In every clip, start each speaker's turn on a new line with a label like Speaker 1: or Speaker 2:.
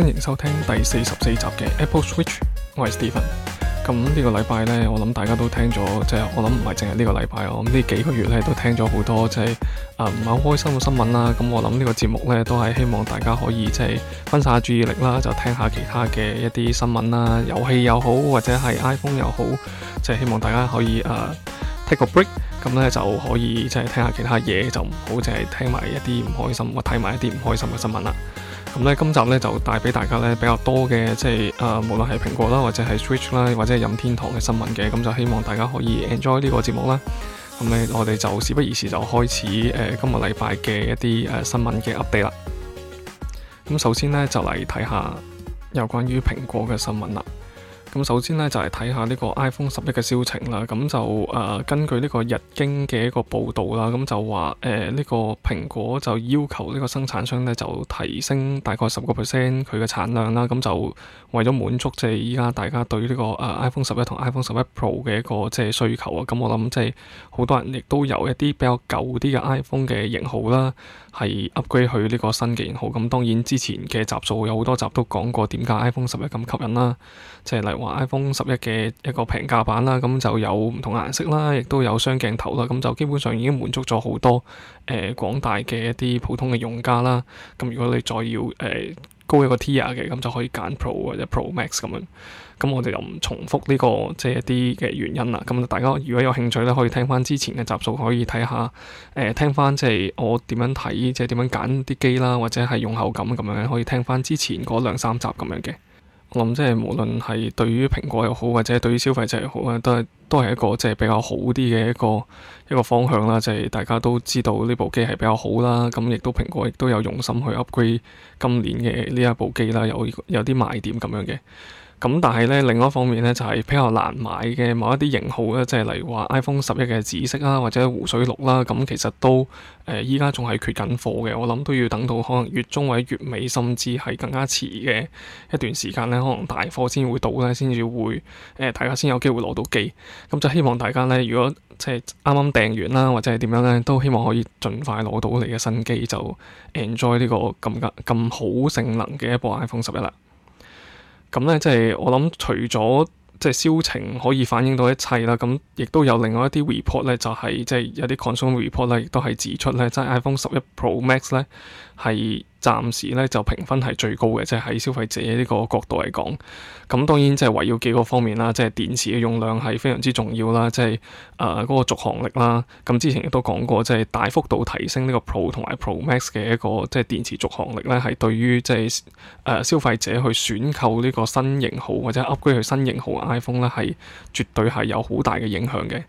Speaker 1: 歡迎收聽第四十四集嘅 Apple Switch，我係 Stephen。咁呢個禮拜呢，我諗大家都聽咗，即係我諗唔係淨係呢個禮拜，我諗呢幾個月呢都聽咗好多，即係誒唔係好開心嘅新聞啦。咁我諗呢個節目呢，都係希望大家可以即係分散下注意力啦，就聽下其他嘅一啲新聞啦，遊戲又好或者係 iPhone 又好，即係希望大家可以誒 take a break，咁呢，就可以即係聽下其他嘢，就唔好淨係聽埋一啲唔開心，我睇埋一啲唔開心嘅新聞啦。咁咧，今集咧就帶俾大家咧比較多嘅，即係誒、呃，無論係蘋果啦，或者係 Switch 啦，或者係任天堂嘅新聞嘅，咁就希望大家可以 enjoy 呢個節目啦。咁咧，我哋就事不宜遲，就開始誒、呃、今個禮拜嘅一啲誒、呃、新聞嘅 update 啦。咁首先咧，就嚟睇下有關於蘋果嘅新聞啦。咁首先咧，就嚟、是、睇下呢個 iPhone 十一嘅銷情啦。咁就誒、呃、根據呢個日經嘅一個報道啦，咁就話誒呢個蘋果就要求呢個生產商咧，就提升大概十個 percent 佢嘅產量啦。咁就為咗滿足即係依家大家對呢、這個誒、呃、iPhone 十一同 iPhone 十一 Pro 嘅一個即係需求啊。咁我諗即係好多人亦都有一啲比較舊啲嘅 iPhone 嘅型號啦。係 upgrade 佢呢個新嘅型號。咁當然之前嘅集數有好多集都講過點解 iPhone 十一咁吸引啦，即係例如話 iPhone 十一嘅一個平價版啦，咁就有唔同顏色啦，亦都有雙鏡頭啦，咁就基本上已經滿足咗好多誒、呃、廣大嘅一啲普通嘅用家啦。咁如果你再要誒、呃、高一個 tier 嘅，咁就可以揀 Pro 或者 Pro Max 咁樣。咁我哋又唔重複呢個，即係一啲嘅原因啦。咁大家如果有興趣咧，可以聽翻之前嘅集數，可以睇下誒，聽翻即係我點樣睇，即係點樣揀啲機啦，或者係用口感咁樣，可以聽翻之前嗰兩三集咁樣嘅。我諗即係無論係對於蘋果又好，或者對於消費者又好咧，都係都係一個即係比較好啲嘅一個一個方向啦。即係大家都知道呢部機係比較好啦。咁亦都蘋果亦都有用心去 upgrade 今年嘅呢一部機啦，有有啲賣點咁樣嘅。咁但係咧，另外一方面咧，就係比較難買嘅某一啲型號咧，即係例如話 iPhone 十一嘅紫色啦，或者湖水綠啦，咁其實都誒依家仲係缺緊貨嘅。我諗都要等到可能月中或者月尾，甚至係更加遲嘅一段時間咧，可能大貨先會到咧，先至會誒大家先有機會攞到機。咁就希望大家咧，如果即係啱啱訂完啦，或者係點樣咧，都希望可以盡快攞到你嘅新機，就 enjoy 呢個咁勁咁好性能嘅一部 iPhone 十一啦。咁咧，即係我諗，除咗即係銷情可以反映到一切啦，咁亦都有另外一啲 report 咧，就係、是、即係有啲 consumers report 咧，亦都係指出咧，即係 iPhone 十一 Pro Max 咧係。暫時咧就評分係最高嘅，即係喺消費者呢個角度嚟講。咁當然即係圍繞幾個方面啦，即係電池嘅用量係非常之重要啦，即係誒嗰個續航力啦。咁之前亦都講過，即係大幅度提升呢個 Pro 同埋 Pro Max 嘅一個即係電池續航力咧，係對於即係誒消費者去選購呢個新型號或者 upgrade 去新型號 iPhone 咧，係絕對係有好大嘅影響嘅。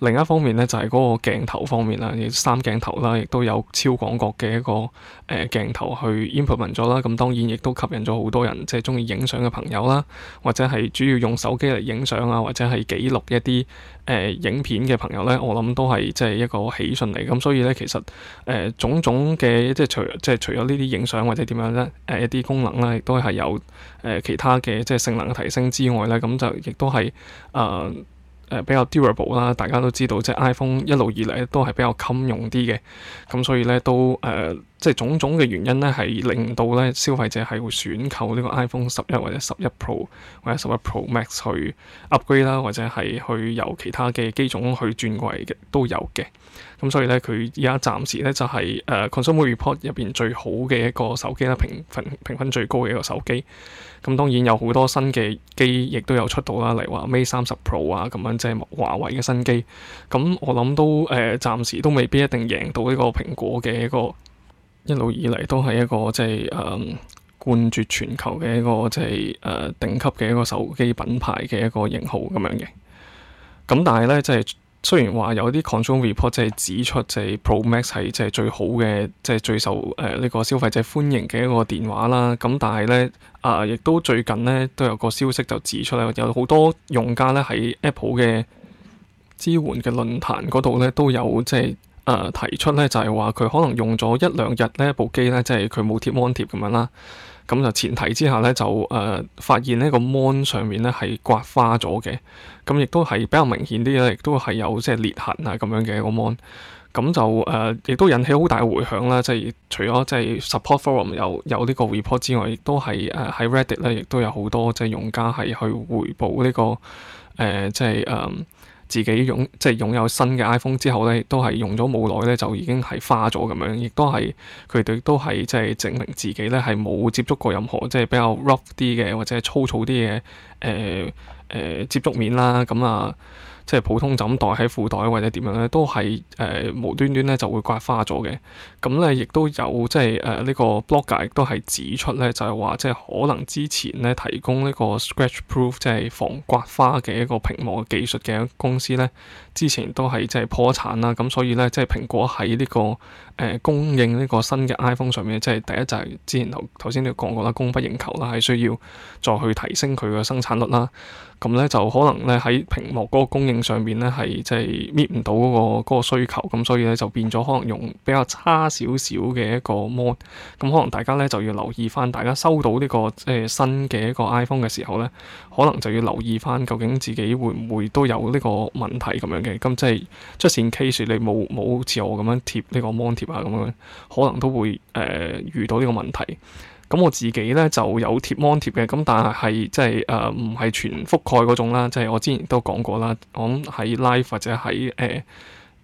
Speaker 1: 另一方面咧，就係、是、嗰個鏡頭方面啦，三鏡頭啦，亦都有超廣角嘅一個誒、呃、鏡頭去 implement 咗啦。咁當然亦都吸引咗好多人，即係中意影相嘅朋友啦，或者係主要用手機嚟影相啊，或者係記錄一啲誒、呃、影片嘅朋友咧，我諗都係即係一個喜訊嚟。咁所以咧，其實誒、呃、種種嘅即係除即係除咗呢啲影相或者點樣咧，誒一啲功能咧，亦都係有誒、呃、其他嘅即係性能提升之外咧，咁就亦都係啊。呃呃、比較 durable 啦，大家都知道即係 iPhone 一路以嚟都係比較襟用啲嘅，咁所以咧都誒。Uh 即係種種嘅原因咧，係令到咧消費者係會選購呢個 iPhone 十一或者十一 Pro 或者十一 Pro Max 去 upgrade 啦，或者係去由其他嘅機種去轉過嚟嘅都有嘅。咁所以咧，佢而家暫時咧就係、是、誒、uh, Consumer Report 入邊最好嘅一個手機啦，評分評分最高嘅一個手機。咁當然有好多新嘅機，亦都有出到啦，例如話 Mate 三十 Pro 啊，咁樣即係、就是、華為嘅新機。咁我諗都誒、uh, 暫時都未必一定贏到呢個蘋果嘅一個。一路以嚟都係一個即係誒冠絕全球嘅一個即係誒頂級嘅一個手機品牌嘅一個型號咁樣嘅。咁、嗯、但係咧，即係雖然話有啲 control report 即係指出，即係 Pro Max 係即係最好嘅，即係最受誒呢、呃這個消費者歡迎嘅一個電話啦。咁但係咧，啊、呃、亦都最近咧都有個消息就指出咧，有好多用家咧喺 Apple 嘅支援嘅論壇嗰度咧都有即係。誒、呃、提出咧，就係話佢可能用咗一兩日咧，部機咧即係佢冇貼 mon 貼咁樣啦。咁就前提之下咧，就誒、呃、發現呢個 mon 上面咧係刮花咗嘅。咁亦都係比較明顯啲咧，亦都係有即係裂痕啊咁樣嘅個 mon。咁就誒亦、呃、都引起好大回響啦。即、就、係、是、除咗即係 support forum 有有呢個 report 之外，亦都係誒喺 Reddit 咧，亦、呃、都有好多即係用家係去回報呢、這個誒即係誒。呃即係呃自己擁即係擁有新嘅 iPhone 之後咧，都係用咗冇耐咧，就已經係花咗咁樣，亦都係佢哋都係即係證明自己咧係冇接觸過任何即係比較 rough 啲嘅或者粗糙啲嘅誒誒接觸面啦咁啊。即係普通枕袋喺褲袋或者點樣咧，都係誒、呃、無端端咧就會刮花咗嘅。咁咧亦都有即係誒呢個 blogger 亦都係指出咧，就係、是、話即係可能之前咧提供呢個 scratchproof 即係防刮花嘅一個屏幕技術嘅公司咧，之前都係即係破產啦。咁所以咧即係蘋果喺呢、這個。誒、呃、供應呢個新嘅 iPhone 上面，即係第一就係之前頭頭先都講過啦，供不應求啦，係需要再去提升佢個生產率啦。咁咧就可能咧喺屏幕嗰個供應上面咧係即係搣唔到嗰、嗰個嗰個需求，咁所以咧就變咗可能用比較差少少嘅一個膜。咁可能大家咧就要留意翻，大家收到呢、呢個誒、呃、新嘅一個 iPhone 嘅時候咧，可能就要留意翻究竟自己會唔會都有呢個問題咁樣嘅。咁即係出線 case 你冇冇似我咁樣貼呢個膜貼。啊，咁樣可能都會誒、呃、遇到呢個問題。咁我自己咧就有貼芒貼嘅，咁但係係即係誒唔係全覆蓋嗰種啦。即、就、係、係、我之前都講過啦，我諗喺 live 或者喺誒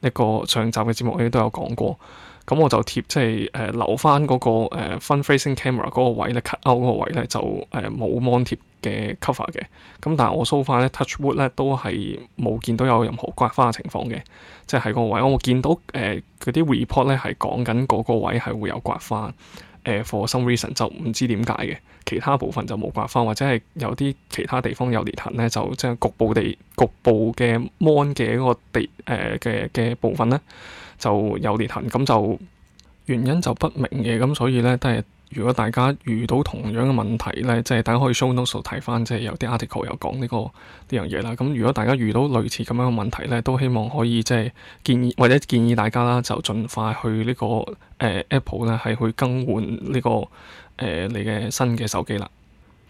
Speaker 1: 一個上集嘅節目嗰都有講過。咁、嗯、我就貼即係誒、呃、留翻嗰、那個 front facing camera 嗰個位咧 cut out 嗰個位咧就誒冇 mon 貼嘅 cover 嘅。咁但係我 so far 咧 touch wood 咧都係冇見到有任何刮花嘅情況嘅，即係喺個位我見到誒嗰啲 report 咧係講緊嗰個位係會有刮花誒、呃、for some reason 就唔知點解嘅。其他部分就冇刮花，或者係有啲其他地方有裂痕咧，就即係局部地局部嘅 mon 嘅嗰個地誒嘅嘅部分咧。就有裂痕，咁就原因就不明嘅，咁所以呢，都係如果大家遇到同樣嘅問題呢，即係大家可以 show notes 睇翻，即係有啲 article 有講呢、這個呢樣嘢啦。咁、這個這個、如果大家遇到類似咁樣嘅問題呢，都希望可以即係建議或者建議大家啦，就盡快去呢、這個誒、呃、Apple 呢，係去更換呢、這個誒、呃、你嘅新嘅手機啦。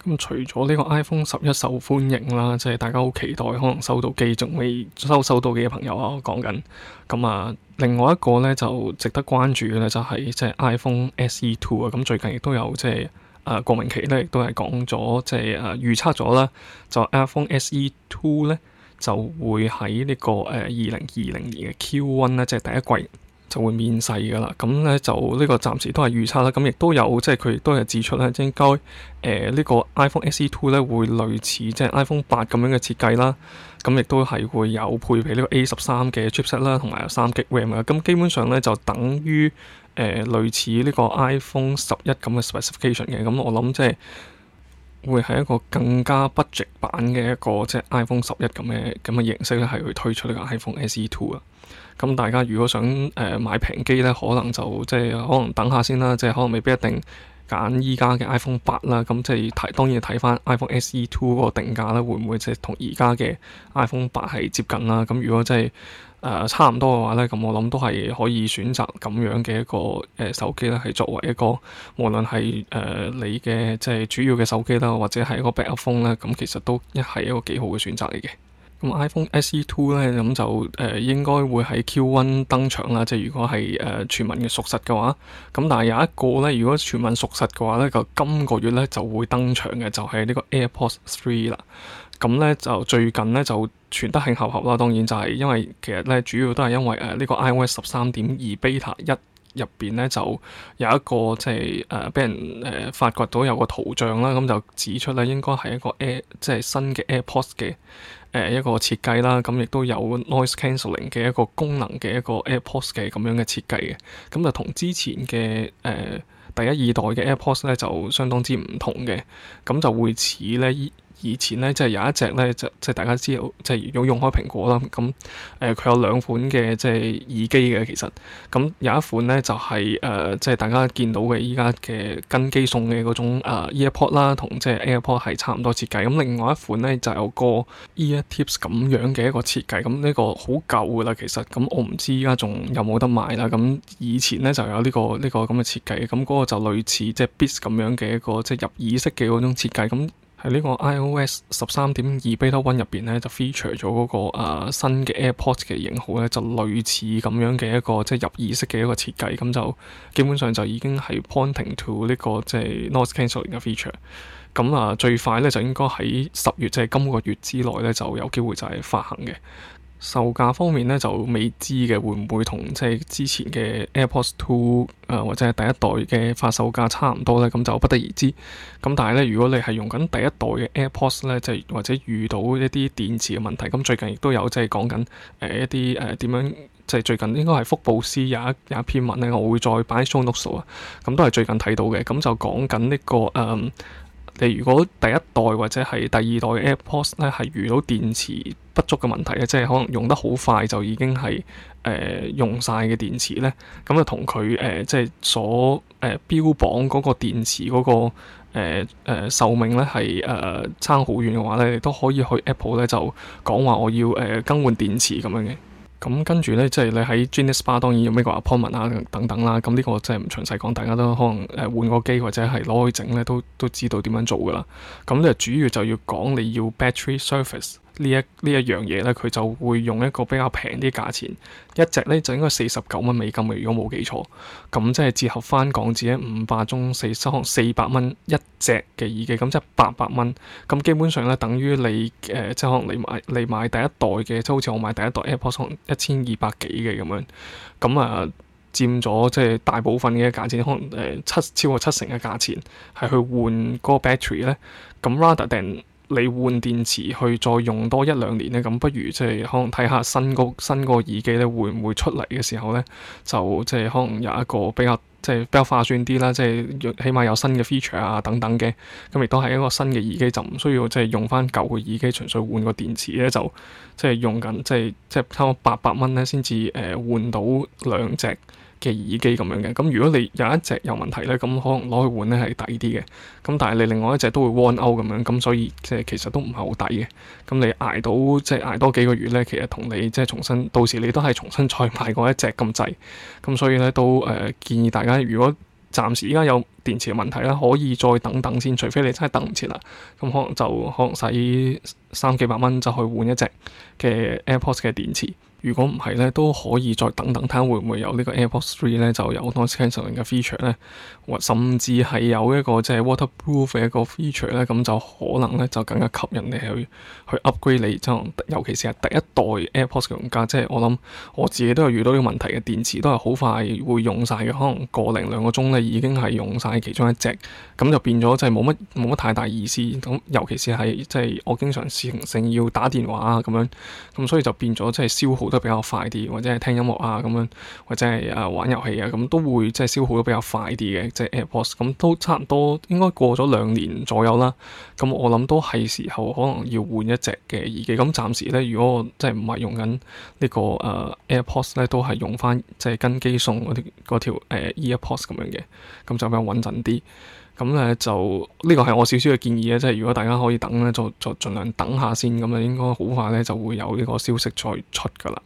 Speaker 1: 嗯、除咗呢個 iPhone 十一受歡迎啦，即係大家好期待，可能收到機仲未收收到嘅朋友啊，我講緊咁啊。另外一個呢就值得關注嘅、就係嗯呃呢，呃、呢，就係即係 iPhone SE Two 啊。咁最近亦都有即係誒郭明錤咧，亦都係講咗即係誒預測咗啦，就 iPhone SE Two 咧就會喺呢個誒二零二零年嘅 Q One 啦，即係第一季。就會面世噶啦，咁咧就呢個暫時都係預測啦。咁亦都有即係佢亦都係指出咧，應該誒、呃這個、呢個 iPhone SE Two 咧會類似即係 iPhone 八咁樣嘅設計啦。咁亦都係會有配備呢個 A 十三嘅 chipset 啦，同埋有三 G RAM 啊。咁基本上咧就等於誒、呃、類似呢個 iPhone 十一咁嘅 specification 嘅。咁我諗即係會係一個更加 budget 版嘅一個即係 iPhone 十一咁嘅咁嘅形式咧，係去推出呢個 iPhone SE Two 啊。咁大家如果想誒、呃、買平機咧，可能就即係可能等下先啦，即係可能未必一定揀依家嘅 iPhone 八啦。咁即係睇，當然睇翻 iPhone SE Two 嗰個定價啦，會唔會即係同而家嘅 iPhone 八係接近啦？咁如果即係誒、呃、差唔多嘅話咧，咁我諗都係可以選擇咁樣嘅一個誒、呃、手機咧，係作為一個無論係誒、呃、你嘅即係主要嘅手機啦，或者係一個 backup phone 啦，咁其實都係一個幾好嘅選擇嚟嘅。咁 iPhone SE Two 咧，咁就誒、呃、應該會喺 Q One 登場啦。即係如果係誒、呃、傳聞嘅屬實嘅話，咁但係有一個咧，如果傳聞屬實嘅話咧，就今個月咧就會登場嘅就係、是、呢個 AirPods Three 啦。咁咧就最近咧就傳得興洽合啦。當然就係、是、因為其實咧主要都係因為誒、呃這個、呢個 iOS 十三點二 Beta 一入邊咧就有一個即係誒俾人誒、呃、發掘到有個圖像啦，咁就指出咧應該係一個 Air 即係新嘅 AirPods 嘅。誒一個設計啦，咁亦都有 noise cancelling 嘅一個功能嘅一個 AirPods 嘅咁樣嘅設計嘅，咁就同之前嘅誒、呃、第一二代嘅 AirPods 咧就相當之唔同嘅，咁就會似咧。以前咧，即係有一隻咧，就即係大家知道，即係如果用開蘋果啦，咁誒佢有兩款嘅即係耳機嘅。其實咁有一款咧就係、是、誒、呃，即係大家見到嘅依家嘅跟機送嘅嗰種啊、呃、EarPod 啦，同即係 AirPod 係差唔多設計。咁另外一款咧就有個 EarTips 咁樣嘅一個設計。咁呢個好舊噶啦，其實咁我唔知依家仲有冇得賣啦。咁以前咧就有呢、呢個呢、呢個咁嘅設計。咁嗰個就類似即係 Beats 咁樣嘅一個即係入耳式嘅嗰種設計。咁呢個 iOS 十三點二 Beta One 入邊咧，就 feature 咗嗰、那個啊新嘅 AirPods 嘅型號咧，就類似咁樣嘅一個即係、就是、入耳式嘅一個設計，咁就基本上就已經係 pointing to 呢、這個即係 noise cancelling 嘅 feature。咁、就是、fe 啊，最快咧就應該喺十月，即、就、係、是、今個月之內咧就有機會就係發行嘅。售價方面呢，就未知嘅，會唔會同即係之前嘅 AirPods Two 啊、呃、或者係第一代嘅發售價差唔多呢？咁就不得而知。咁但係呢，如果你係用緊第一代嘅 AirPods 呢，即、就、係、是、或者遇到一啲電池嘅問題，咁最近亦都有即係講緊誒一啲誒點樣即係、就是、最近應該係福布斯有一有一篇文，文呢，我會再擺喺 o 碌數啊。咁都係最近睇到嘅，咁就講緊呢個誒。呃你如果第一代或者係第二代 AirPods 咧，係遇到電池不足嘅問題，即係可能用得好快就已經係誒、呃、用晒嘅電池咧，咁啊同佢誒即係所誒、呃、標榜嗰個電池嗰、那個誒誒、呃呃、壽命咧係誒差好遠嘅話咧，你都可以去 Apple 咧就講話我要誒、呃、更換電池咁樣嘅。咁、嗯、跟住咧，即係你喺 Genius Bar 當然要 make appointment 啊，等等啦、啊。咁、嗯、呢、這個真係唔詳細講，大家都可能誒、呃、換個機或者係攞去整咧，都都知道點樣做噶啦。咁、嗯、咧主要就要講你要 Battery Service 呢一呢一樣嘢咧，佢就會用一個比較平啲價錢，一隻咧就應該四十九蚊美金嘅，如果冇記錯，咁即係折合翻港紙咧五百中四收四百蚊一隻嘅耳機，咁即係八百蚊，咁基本上咧等於你誒、呃、即係可能你買你買第一代嘅，即係好似我買第一代 AirPods 可能一千二百幾嘅咁樣，咁啊、呃、佔咗即係大部分嘅價錢，可能誒、呃、七超過七成嘅價錢係去換嗰個 battery 咧，咁 rather than 你換電池去再用多一兩年呢，咁不如即係可能睇下新個新個耳機呢會唔會出嚟嘅時候呢，就即係可能有一個比較即係比較划算啲啦，即係起碼有新嘅 feature 啊等等嘅，咁亦都係一個新嘅耳機就唔需要即係用翻舊嘅耳機，純粹換個電池呢，就即係用緊，即係即係差唔多八百蚊呢，先至誒換到兩隻嘅耳機咁樣嘅，咁如果你有一隻有問題咧，咁可能攞去換咧係抵啲嘅，咁但係你另外一隻都會 One 歐咁樣，咁所以即係其實都唔係好抵嘅。咁你捱到即係捱多幾個月咧，其實同你即係重新到時你都係重新再買過一隻咁滯，咁所以咧都誒、呃、建議大家如果暫時而家有電池嘅問題啦，可以再等等先，除非你真係等唔切啦，咁可能就可能使三幾百蚊就去換一隻嘅 AirPods 嘅電池。如果唔係咧，都可以再等等睇下會唔會有呢個 AirPods 3咧就有 noise cancelling 嘅 feature 咧，甚至係有一個即係 waterproof 嘅一個 feature 咧，咁就可能咧就更加吸引你去去 upgrade 你，即係尤其是係第一代 AirPods 嘅用家，即係我諗我自己都有遇到呢個問題嘅，電池都係好快會用晒嘅，可能個零兩個鐘咧已經係用晒其中一隻，咁就變咗即係冇乜冇乜太大意思。咁尤其是係即係我經常時性要打電話啊咁樣，咁所以就變咗即係消耗。比啊啊啊、都，都比較快啲，或者係聽音樂啊咁樣，或者係誒玩遊戲啊咁，都會即係消耗得比較快啲嘅，即係 AirPods 咁，都差唔多應該過咗兩年左右啦。咁我諗都係時候可能要換一隻嘅耳機。咁暫時咧，如果我即係唔係用緊、這個啊、呢個誒 AirPods 咧，都係用翻即係跟機送嗰啲嗰條誒、啊、EarPods 咁樣嘅，咁就比較穩陣啲。咁咧就呢個係我少少嘅建議啊！即係如果大家可以等咧，就就儘量等下先，咁啊應該好快咧就會有呢個消息再出噶啦。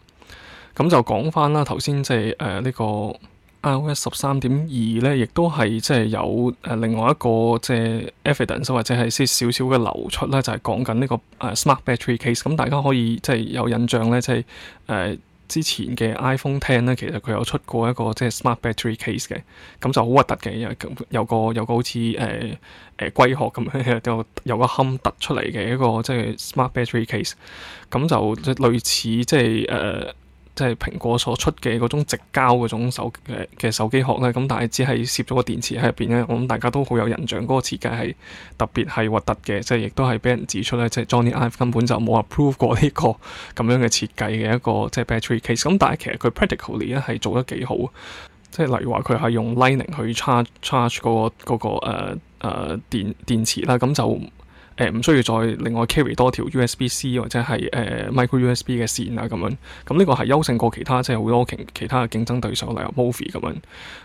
Speaker 1: 咁就講翻啦，頭先即係誒呢個 iOS 十三點二咧，亦都係即係有誒另外一個即係 evidence 或者係些少少嘅流出咧，就係講緊呢個誒 Smart Battery Case。咁大家可以即係有印象咧、就是，即係誒。之前嘅 iPhone 聽咧，其實佢有出過一個即係 Smart Battery Case 嘅，咁就好核突嘅，因為咁有個有個好似誒誒龜殼咁樣， 有個有個坑突出嚟嘅一個，一個即係 Smart Battery Case，咁就類似即係。誒、呃。即係蘋果所出嘅嗰種直交嗰種手嘅嘅手機殼咧，咁但係只係攝咗個電池喺入邊咧，我諗大家都好有印象嗰個設計係特別係核突嘅，即係亦都係畀人指出咧，即係 Jony Ive 根本就冇 approve 過呢個咁樣嘅設計嘅一個即係 battery case。咁但係其實佢 practically 咧係做得幾好，即係例如話佢係用 Lightning 去 charge charge 嗰、嗰個嗰、嗰個誒誒、uh, uh, 電,電池啦，咁就。誒唔、呃、需要再另外 carry 多條 USB C 或者係誒、呃、micro USB 嘅線啊咁樣，咁呢個係優勝過其他即係好多其他嘅競爭對手例如 Mophie 咁樣，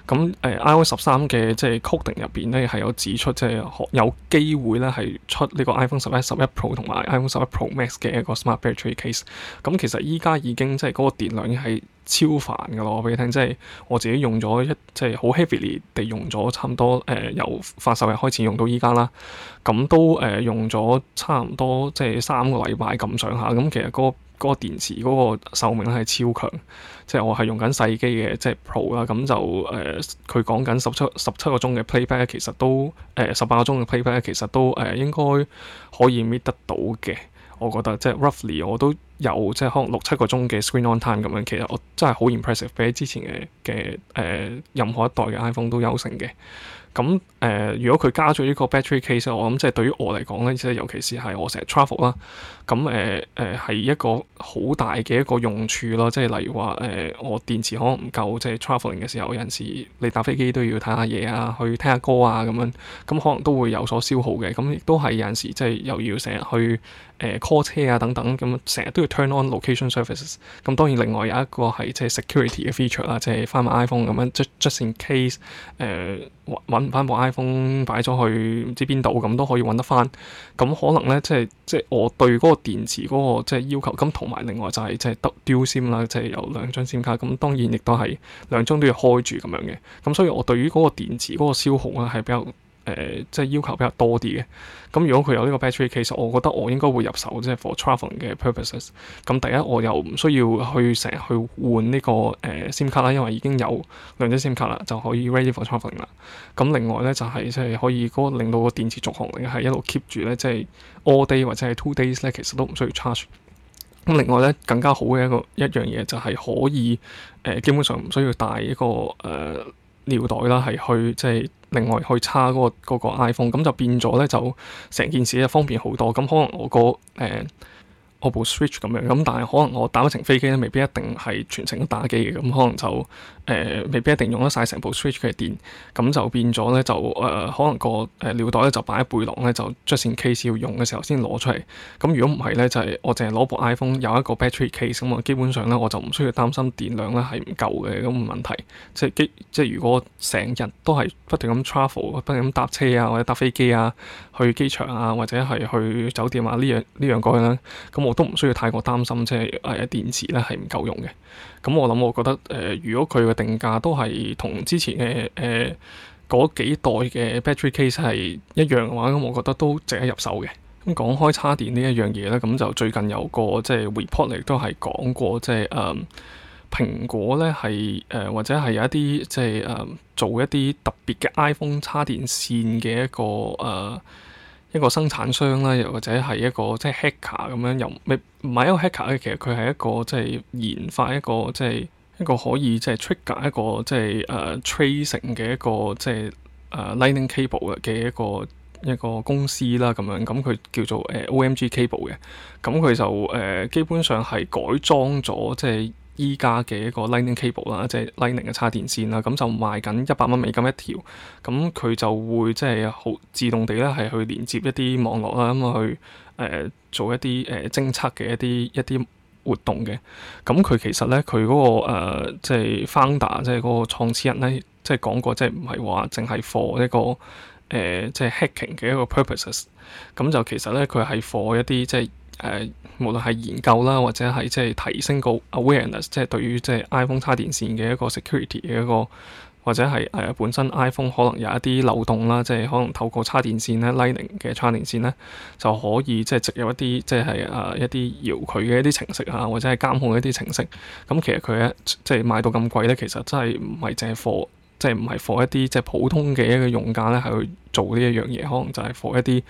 Speaker 1: 咁誒、呃、iOS 十三嘅即係 coding 入邊咧係有指出即係有機會咧係出呢個 iPhone 十一十一 Pro 同埋 iPhone 十一 Pro Max 嘅一個 Smart Battery Case，咁其實依家已經即係嗰個電量已經係。超煩㗎囉，我俾你聽，即係我自己用咗一即係好 heavily 地用咗，差唔多誒由發售日開始用到依家啦。咁都誒、呃、用咗差唔多即係三個禮拜咁上下。咁、嗯、其實嗰個嗰個電池嗰個壽命咧係超強。即係我係用緊細機嘅，即係 Pro 啦。咁就誒佢講緊十七十七個鐘嘅 playback，其實都誒十八個鐘嘅 playback，其實都誒、呃、應該可以 meet 得到嘅。我覺得即係 roughly 我都。有即係可能六七個鐘嘅 screen on time 咁樣，其實我真係好 impressive，比之前嘅嘅誒任何一代嘅 iPhone 都優勝嘅。咁誒、呃，如果佢加咗呢個 battery case，我諗即係對於我嚟講咧，即係尤其是係我成日 travel 啦。咁誒誒係一個好大嘅一個用處咯。即係例如話誒、呃，我電池可能唔夠，即係 traveling 嘅時候，有陣時你搭飛機都要睇下嘢啊，去聽下歌啊咁樣，咁可能都會有所消耗嘅。咁亦都係有陣時即係又要成日去。誒 call、呃、車啊等等，咁成日都要 turn on location services。咁當然另外有一個係即係 security 嘅 feature 啦，即係翻埋 iPhone 咁樣，just just in case 誒揾揾翻部 iPhone 擺咗去唔知邊度，咁都可以揾得翻。咁可能咧即係即係我對嗰個電池嗰、嗰個即係、即係、要求咁，同埋另外就係即係得 Dual SIM 啦，即、即、係、係、有兩張 SIM 卡。咁當然亦都係兩張都要開住咁樣嘅。咁所以我對於嗰個電池嗰個消耗咧係比較。誒、呃、即係要求比較多啲嘅，咁、嗯、如果佢有呢個 battery，其實我覺得我應該會入手，即、就、係、是、for travelling 嘅 purposes。咁、嗯、第一我又唔需要去成日去換呢、這個誒、呃、SIM 卡啦，因為已經有兩張 SIM 卡啦，就可以 ready for travelling 啦。咁、嗯、另外咧就係即係可以嗰、那個、令到個電池續航係一路 keep 住咧，即、就、係、是、all day 或者係 two days 咧，其實都唔需要 charge。咁、嗯、另外咧更加好嘅一個一樣嘢就係可以誒、呃、基本上唔需要帶一個誒、呃、尿袋啦，係去即係。就是另外去叉嗰、嗰個、嗰個、iPhone，咁就變咗咧，就成件事就方便好多。咁可能我個誒、呃、我部 Switch 咁樣，咁但係可能我打一程飛機咧，未必一定係全程都打機嘅，咁可能就。誒、呃、未必一定用得晒成部 switch 嘅電，咁就變咗咧，就誒、呃、可能個誒、呃、尿袋咧就擺喺背囊咧，就 just in case 要用嘅時候先攞出嚟。咁、嗯、如果唔係咧，就係、是、我淨係攞部 iPhone 有一個 battery case 啊、嗯、基本上咧我就唔需要擔心電量咧係唔夠嘅咁問題。即係機即係如果成日都係不斷咁 travel 不斷咁搭車啊或者搭飛機啊去機場啊或者係去酒店啊、樣樣呢樣呢樣嗰樣咧，咁、嗯嗯、我都唔需要太過擔心即係誒、呃、電池咧係唔夠用嘅。咁、嗯、我諗，我覺得誒、呃，如果佢嘅定價都係同之前嘅誒嗰幾代嘅 battery case 係一樣嘅話，咁我覺得都值得入手嘅。咁、嗯、講開叉電呢一樣嘢咧，咁、嗯、就最近有個即係 report 嚟，都係講過即係誒、嗯、蘋果咧係誒或者係有一啲即係誒、嗯、做一啲特別嘅 iPhone 叉電線嘅一個誒。呃一個生產商啦，又或者係一個即係 hacker 咁樣，又唔係一個 hacker。其實佢係一個即係研發一個即係一個可以即係 trigger 一個即係誒 tracing 嘅一個即係誒 lightning cable 嘅一個一個公司啦咁樣。咁佢叫做誒 OMG cable 嘅。咁佢就誒、呃、基本上係改裝咗即係。依家嘅一個 Lightning Cable 啦，即係 Lightning 嘅叉電線啦，咁就賣緊一百蚊美金一條，咁佢就會即係好自動地咧，係去連接一啲網絡啦，咁去誒、呃、做一啲誒、呃、偵測嘅一啲一啲活動嘅。咁佢其實咧，佢嗰個誒即係 Founder，即係嗰個創始人咧，即係講過，即係唔係話淨係 for 一個誒即係 hacking 嘅一個 purposes。咁就其實咧，佢係 for 一啲即係誒。即係呃無論係研究啦，或者係即係提升個 awareness，即係對於即係 iPhone 叉電線嘅一個 security 嘅一個，或者係誒本身 iPhone 可能有一啲漏洞啦，即係可能透過叉電線咧、Lightning 嘅叉電線咧，就可以即係植入一啲即係誒一啲遙控嘅一啲程式啊，或者係監控一啲程式。咁其實佢咧即係賣到咁貴咧，其實真係唔係淨係貨。即係唔係 for 一啲即係普通嘅一個用家咧，係去做呢一樣嘢，可能就係 for 一啲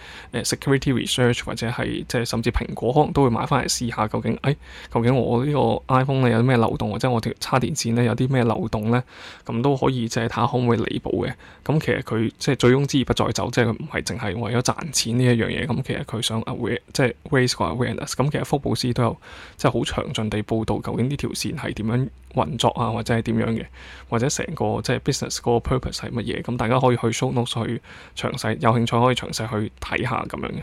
Speaker 1: 誒 security research 或者係即係甚至蘋果可能都會買翻嚟試下究竟誒、哎、究竟我個呢個 iPhone 咧有啲咩漏洞，或者我條插電線咧有啲咩漏洞咧，咁都可以即係睇下可唔可以彌補嘅。咁其實佢即係醉翁之意不在酒，即係佢唔係淨係為咗賺錢呢一樣嘢。咁其實佢想 aware，即係 raise 即係 raise 嗰 awareness，咁其實福布斯都有即係好詳盡地報道究竟呢條綫係點樣運作啊，或者係點樣嘅，或者成個即係。個 purpose 係乜嘢？咁、嗯、大家可以去 show notes 去詳細，有興趣可以詳細去睇下咁樣嘅。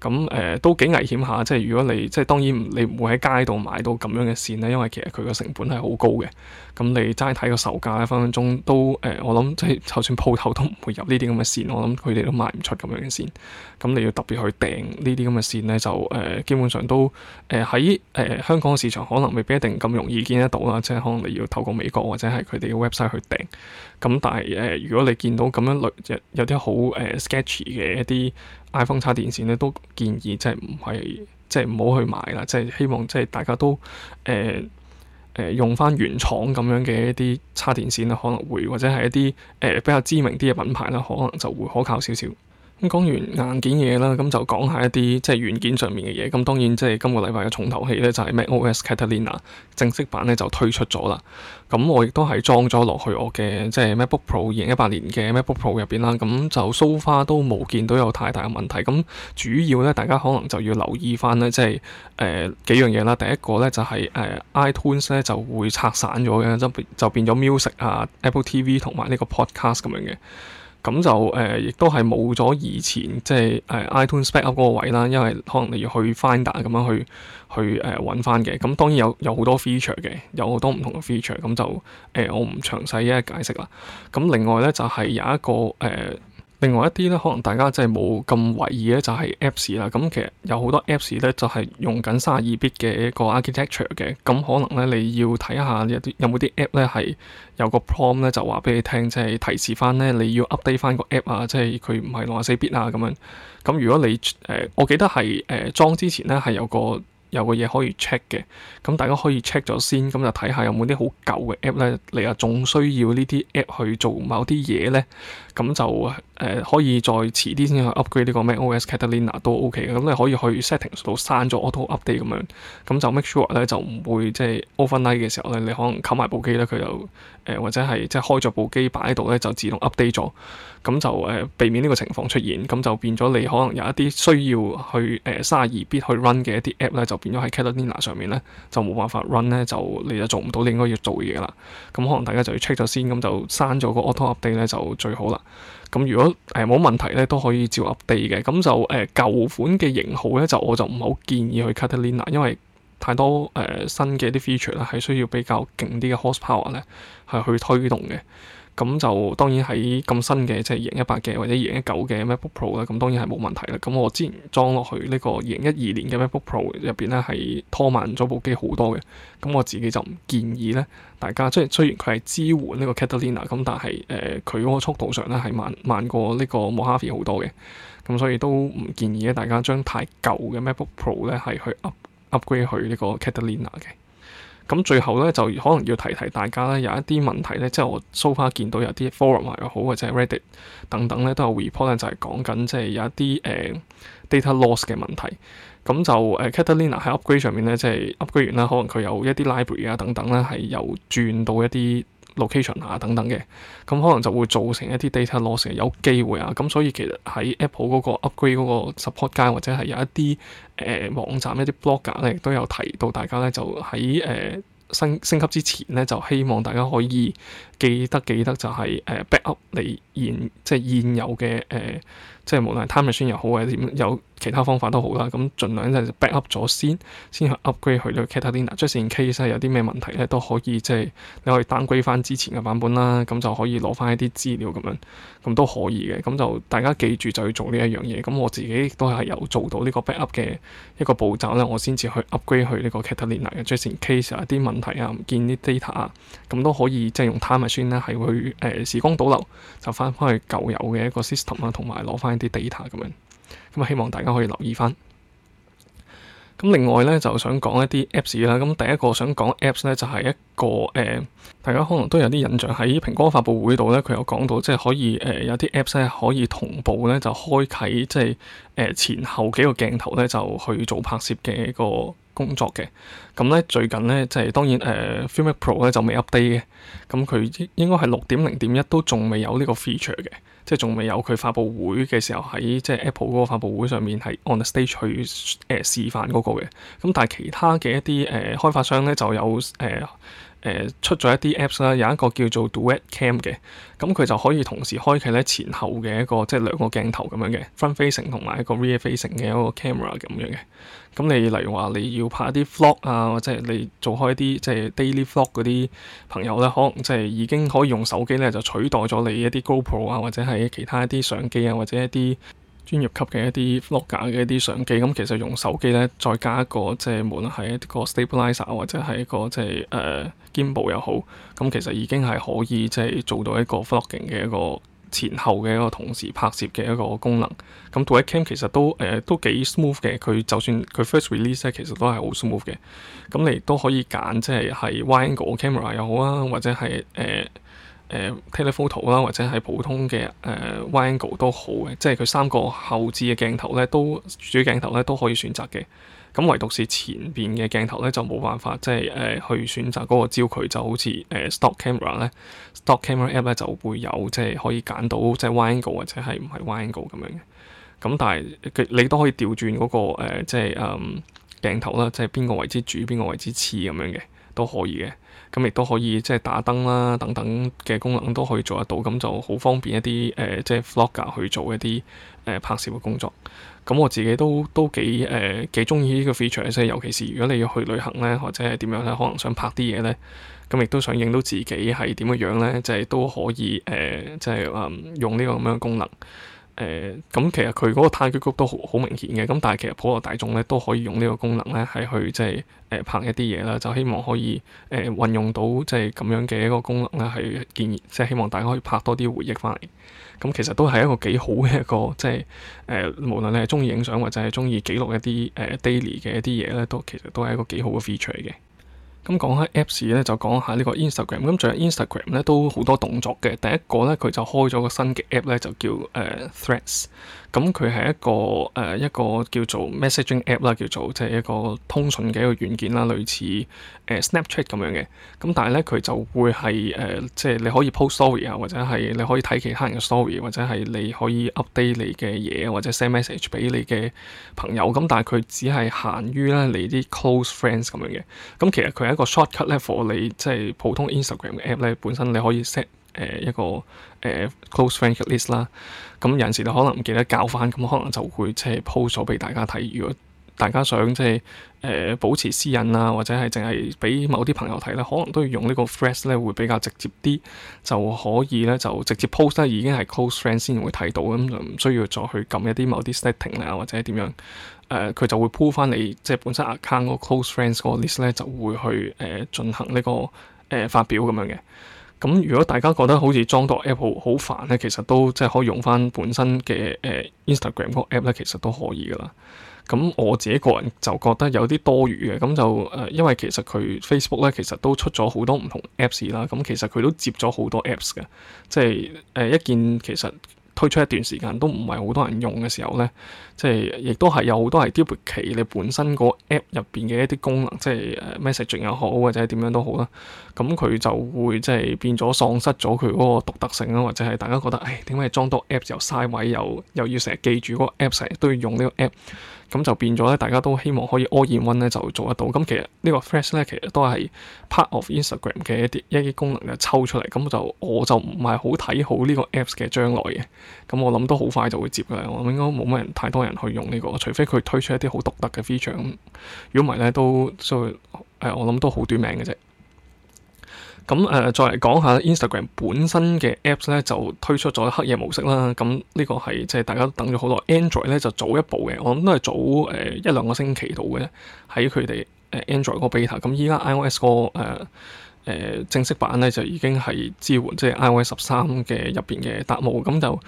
Speaker 1: 咁誒、呃、都幾危險下，即係如果你即係當然你唔會喺街度買到咁樣嘅線咧，因為其實佢個成本係好高嘅。咁你齋睇個售價，分分鐘都誒、呃，我諗即係就算鋪頭都唔會入呢啲咁嘅線，我諗佢哋都賣唔出咁樣嘅線。咁你要特別去訂這這呢啲咁嘅線咧，就誒、呃、基本上都誒喺誒香港市場可能未必一定咁容易見得到啦，即係可能你要透過美國或者係佢哋嘅 website 去訂。咁但係誒、呃，如果你見到咁樣類有啲好誒、呃、sketchy 嘅一啲。iPhone 插電線咧都建議即係唔係，即係唔好去買啦，即係希望即係大家都誒誒用翻原廠咁樣嘅一啲叉電線啦，可能會或者係一啲誒比較知名啲嘅品牌啦，可能就會可靠少少。咁講完硬件嘢啦，咁就講一下一啲即係軟件上面嘅嘢。咁當然即係今個禮拜嘅重頭戲咧，就係、是、macOS Catalina 正式版咧就推出咗啦。咁我亦都係裝咗落去我嘅即係 MacBook Pro 二零一八年嘅 MacBook Pro 入邊啦。咁就 so far 都冇見到有太大嘅問題。咁主要咧，大家可能就要留意翻咧，即係誒幾樣嘢啦。第一個咧就係、是、誒、呃、iTunes 咧就會拆散咗嘅，就變就變咗 Music 啊、Apple TV 同埋呢個 Podcast 咁樣嘅。咁就誒，亦、呃、都係冇咗以前即係誒 iTunes Backup 嗰個位啦，因為可能你要去 Finder 咁樣去去誒揾翻嘅。咁、呃、當然有有好多 feature 嘅，有好多唔同嘅 feature。咁就誒，我唔詳細一一解釋啦。咁另外咧就係、是、有一個誒。呃另外一啲咧，可能大家即係冇咁懷疑咧，就係、是、Apps 啦。咁、嗯、其實有好多 Apps 咧，就係、是、用緊三十二 bit 嘅一個 architecture 嘅。咁、嗯、可能咧，你要睇下有啲有冇啲 App 咧係有個 prompt 咧，就話俾你聽，即係提示翻咧，你要 update 翻個 App 啊，即係佢唔係六十四 bit 啊咁樣。咁、嗯、如果你誒、呃，我記得係誒、呃、裝之前咧係有個有個嘢可以 check 嘅，咁、嗯、大家可以 check 咗先，咁、嗯、就睇下有冇啲好舊嘅 App 咧，你啊仲需要呢啲 App 去做某啲嘢咧，咁、嗯、就。誒、呃、可以再遲啲先去 upgrade 呢個咩 OS Catalina 都 OK 嘅，咁、嗯、你可以去 settings 度刪咗 auto update 咁樣，咁、嗯、就 make sure 咧就唔會即係 overnight 嘅時候咧，你可能冚埋部機咧，佢就誒、呃、或者係即係開咗部機擺喺度咧，就自動 update 咗，咁、嗯、就誒、呃、避免呢個情況出現，咁、嗯、就變咗你可能有一啲需要去誒卅二 bit 去 run 嘅一啲 app 咧，就變咗喺 Catalina 上面咧就冇辦法 run 咧，就你就做唔到你應該要做嘅嘢啦。咁、嗯、可能大家就要 check 咗先，咁就刪咗個 auto update 咧就最好啦。咁如果誒冇、呃、問題咧，都可以照 update 嘅。咁就誒、呃、舊款嘅型號咧，就我就唔好建議去 Catalina 因為太多誒、呃、新嘅啲 feature 啦，係需要比較勁啲嘅 horsepower 咧係去推動嘅。咁就當然喺咁新嘅即係2018嘅或者2019嘅 MacBook Pro 啦，咁當然係冇問題啦。咁我之前裝落去個呢個2012年嘅 MacBook Pro 入邊咧，係拖慢咗部機好多嘅。咁我自己就唔建議咧。大家即係雖然佢係支援呢個 Catalina 咁，但係誒佢嗰個速度上咧係慢慢過呢個 Mojave、oh、好多嘅，咁所以都唔建議咧大家將太舊嘅 MacBook Pro 咧係去 up upgrade 去呢個 Catalina 嘅。咁最後咧就可能要提提大家咧有一啲問題咧，即係我 so far 見到有啲 forum 又好或者 Reddit 等等咧都有 report 咧就係講緊即係有一啲誒、uh, data loss 嘅問題。咁就誒 Catalina 喺 upgrade 上面咧，即係 upgrade 完啦，可能佢有一啲 library 啊等等咧，係由轉到一啲 location 啊等等嘅，咁可能就會造成一啲 data loss，有機會啊。咁所以其實喺 Apple 嗰個 upgrade 嗰個 support 界或者係有一啲誒網站一啲 blogger 咧，亦都有提到大家咧，就喺誒升升級之前咧，就希望大家可以記得記得就係誒 back up 你現即係現有嘅誒，即係無論係 Time Machine 又好或者點有。其他方法都好啦，咁儘量就係 backup 咗先，先去 upgrade 去呢個 Catalina。just in case 有啲咩問題咧，都可以即係、就是、你可以 downgrade 翻之前嘅版本啦，咁就可以攞翻一啲資料咁樣，咁都可以嘅。咁就大家記住就要做呢一樣嘢。咁我自己都係有做到呢個 backup 嘅一個步驟咧，我先至去 upgrade 去呢個 Catalina 嘅，just in case 啊啲問題啊，唔見啲 data 啊，咁都可以即係、就是、用 time machine 咧，係會誒時光倒流，就翻翻去舊有嘅一個 system 啊，同埋攞翻一啲 data 咁樣。咁啊，希望大家可以留意翻。咁另外咧，就想講一啲 apps 啦。咁第一個想講 apps 咧，就係、是、一個誒、呃，大家可能都有啲印象喺蘋果發佈會度咧，佢有講到，即係可以誒、呃、有啲 apps 咧可以同步咧就開啟即係誒、呃、前後幾個鏡頭咧就去做拍攝嘅一個工作嘅。咁咧最近咧即係當然誒、呃、Filmic Pro 咧就未 update 嘅。咁佢應應該係六點零點一都仲未有呢個 feature 嘅。即係仲未有佢發布會嘅時候，喺即係 Apple 嗰個發布會上面係 on stage 去誒、呃、示範嗰個嘅，咁但係其他嘅一啲誒、呃、開發商呢，就有誒。呃出咗一啲 apps 啦，有一個叫做 Duet Cam 嘅，咁佢就可以同時開啟咧前後嘅一個即係兩個鏡頭咁樣嘅 front facing 同埋一個 rear facing 嘅一個 camera 咁樣嘅。咁你例如話你要拍一啲 vlog 啊，或者你做開一啲即係 daily vlog 嗰啲朋友咧，可能即係已經可以用手機咧就取代咗你一啲 GoPro 啊，或者係其他一啲相機啊，或者一啲。專業級嘅一啲 vlog 架嘅一啲相機，咁其實用手機咧，再加一個即係無論係一個 stabilizer 或者係一個即係誒 Gimbal 又好，咁其實已經係可以即係做到一個 vlogging 嘅一個前後嘅一個同時拍攝嘅一個功能。咁 DualCam 其實都誒、呃、都幾 smooth 嘅，佢就算佢 first release 咧，其實都係好 smooth 嘅。咁你都可以揀即係係 wide angle camera 又好啊，或者係誒。呃誒 telephoto 啦，呃、Te oto，或者係普通嘅誒 wide angle 都好嘅，即係佢三個後置嘅鏡頭咧，都主鏡頭咧都可以選擇嘅。咁唯獨是前邊嘅鏡頭咧，就冇辦法即係誒、呃、去選擇嗰個焦距，就好似誒、呃、stock camera 咧，stock camera app 咧就會有即係可以揀到即係 wide angle 或者係唔係 wide angle 咁樣嘅。咁但係你都可以調轉嗰個即係嗯鏡頭啦，即係邊、嗯、個位置主邊個位置次咁樣嘅都可以嘅。咁亦都可以即係打燈啦，等等嘅功能都可以做得到，咁就好方便一啲誒，即、呃、係、就是、vlogger 去做一啲誒、呃、拍攝嘅工作。咁我自己都都幾誒、呃、幾中意呢個 feature、就是、尤其是如果你要去旅行咧，或者係點樣咧，可能想拍啲嘢咧，咁亦都想影到自己係點嘅樣咧，即、就、係、是、都可以誒，即、呃、係、就是呃、用呢個咁樣嘅功能。誒咁、呃嗯、其實佢嗰個太極谷都好好明顯嘅，咁、嗯、但係其實普羅大眾咧都可以用呢個功能咧係去即係誒拍一啲嘢啦，就希望可以誒、呃、運用到即係咁樣嘅一個功能咧，係建議即係、就是、希望大家可以拍多啲回憶翻嚟，咁、嗯、其實都係一個幾好嘅一個即係誒，無論你係中意影相或者係中意記錄一啲誒 daily 嘅一啲嘢咧，都其實都係一個幾好嘅 feature 嚟嘅。咁講開 Apps 咧，就講下呢個 Instagram。咁仲有 Instagram 咧都好多動作嘅。第一個咧，佢就開咗個新嘅 App 咧，就叫誒 Threads。咁佢係一個誒、呃、一個叫做 Messaging App 啦，叫做即係一個通訊嘅一個軟件啦，類似誒、呃、Snapchat 咁樣嘅。咁但係咧，佢就會係誒、呃、即係你可以 post story 啊，或者係你可以睇其他人嘅 story，或者係你可以 update 你嘅嘢，或者 send message 俾你嘅朋友。咁但係佢只係限於咧你啲 close friends 咁樣嘅。咁其實佢係一個 shortcut 咧 for 你即係普通 Instagram 嘅 App 咧，本身你可以 set 誒、呃、一個誒、呃、close friends 嘅 list 啦。咁有陣時就可能唔記得教翻，咁可能就會即係 post 咗俾大家睇。如果大家想即係誒、呃、保持私隱啊，或者係淨係俾某啲朋友睇咧，可能都要用個呢個 friends 咧，會比較直接啲，就可以咧就直接 post 咧已經係 close friend 先會睇到咁，就唔需要再去撳一啲某啲 setting 啊，或者點樣誒，佢、呃、就會鋪翻你即係本身 account 個 close friends 個 list 咧就會去誒、呃、進行呢、呢個誒、呃、發表咁樣嘅。咁如果大家覺得好似裝多個 app 好好煩咧，其實都即係可以用翻本身嘅誒、呃、Instagram 嗰個 app 咧，其實都可以㗎喇。咁我自己個人就覺得有啲多餘嘅，咁就誒、呃，因為其實佢 Facebook 咧，其實都出咗好多唔同 apps 啦。咁、嗯、其實佢都接咗好多 apps 嘅，即係誒、呃、一件其實。推出一段時間都唔係好多人用嘅時候呢，即係亦都係有好多係啲 copy 你本身個 app 入邊嘅一啲功能，即係 message 又好或者係點樣都好啦，咁佢就會即係變咗喪失咗佢嗰個獨特性啊，或者係大家覺得，唉，點解裝多 app 又嘥位又又要成日記住嗰個 app 成日都要用呢個 app？咁就變咗咧，大家都希望可以 all in one 咧就做得到。咁其實呢個 fresh 咧，其實都係 part of Instagram 嘅一啲一啲功能嘅抽出嚟。咁就我就唔係好睇好呢個 apps 嘅將來嘅。咁我諗都好快就會接嘅喇。我應該冇乜人太多人去用呢個，除非佢推出一啲好獨特嘅 feature。如果唔係咧，都所以誒，我諗都好短命嘅啫。咁誒、呃，再嚟講下 Instagram 本身嘅 Apps 咧，就推出咗黑夜模式啦。咁呢個係即係大家都等咗好耐，Android 咧就早一步嘅，我諗都係早誒、呃、一兩個星期到嘅喺佢哋誒 Android 嗰個 beta。咁依家 iOS 嗰個誒正式版咧，就已經係支援即係 iOS 十三嘅入邊嘅達姆咁就。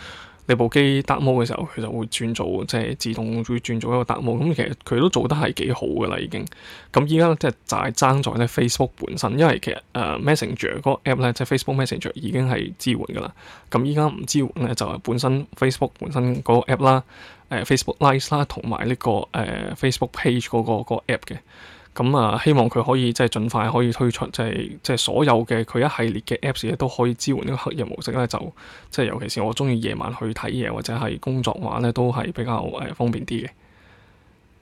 Speaker 1: 你部機搭模嘅時候，佢就會轉做即係自動會轉做一個搭模、嗯。咁其實佢都做得係幾好嘅啦，已經。咁依家即係就係爭在咧 Facebook 本身，因為其實誒、呃、Messenger 嗰個 app 咧，即、就、係、是、Facebook Messenger 已經係支援嘅啦。咁依家唔支援咧，就係、是、本身 Facebook 本身嗰個 app 啦，誒、呃、Facebook likes 啦，同埋呢個誒、呃、Facebook page 嗰、那個、那個 app 嘅。咁啊，希望佢可以即係盡快可以推出，即係即係所有嘅佢一系列嘅 Apps 咧都可以支援呢個黑夜模式咧，就即係尤其是我中意夜晚去睇嘢或者係工作嘅話咧，都係比較誒、呃、方便啲嘅。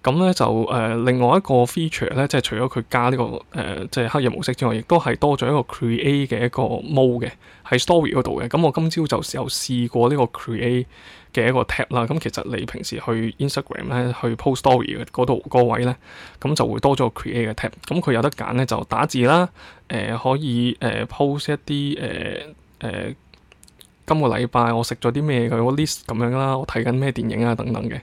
Speaker 1: 咁咧就誒、呃、另外一個 feature 咧，即係除咗佢加呢、呢個誒、呃、即係黑夜模式之外，亦都係多咗一個 create 嘅一個 mode 嘅，喺 story 嗰度嘅。咁我今朝就試有試過呢個 create 嘅一個 tap 啦。咁其實你平時去 Instagram 咧，去 post story 嗰度個位咧，咁就會多咗個 create 嘅 tap。咁佢有得揀咧，就打字啦，誒、呃、可以誒、呃、post 一啲誒誒今個禮拜我食咗啲咩嘢嘅 list 咁樣啦，我睇緊咩電影啊等等嘅。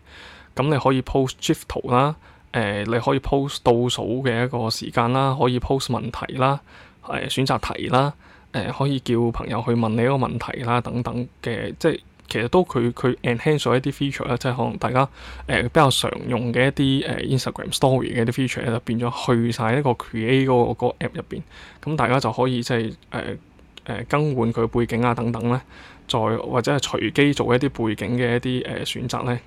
Speaker 1: 咁你可以 post GIF 圖啦，誒、呃、你可以 post 倒數嘅一個時間啦，可以 post 問題啦，誒、呃、選擇題啦，誒、呃、可以叫朋友去問你一個問題啦，等等嘅，即係其實都佢佢 enhance 咗一啲 feature 啦，即係可能大家誒、呃、比較常用嘅一啲誒、呃、Instagram Story 嘅一啲 feature 就變咗去晒一個 create 嗰、嗰個嗰個 app 入邊，咁、嗯、大家就可以即係誒誒更換佢背景啊，等等咧，再或者係隨機做一啲背景嘅一啲誒、呃、選擇咧。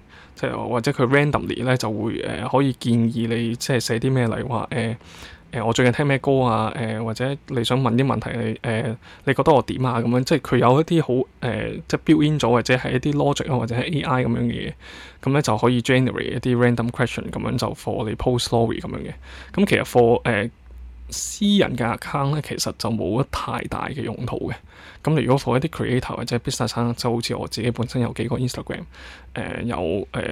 Speaker 1: 或者佢 randomly 咧就會誒、呃、可以建議你即係寫啲咩，例如話誒誒我最近聽咩歌啊，誒、呃、或者你想問啲問題你，誒、呃，你覺得我點啊咁樣，即係佢有一啲好誒、呃、即係 build in 咗或者係一啲 logic 啊或者係 AI 咁樣嘅嘢，咁咧就可以 generate 一啲 random question 咁樣就 for 你 post story 咁樣嘅，咁其實 for 誒、呃。私人嘅 account 咧，其實就冇乜太大嘅用途嘅。咁，如果 for 一啲 creator 或者 business 啊，就好似我自己本身有幾個 Instagram，誒、呃、有誒、呃、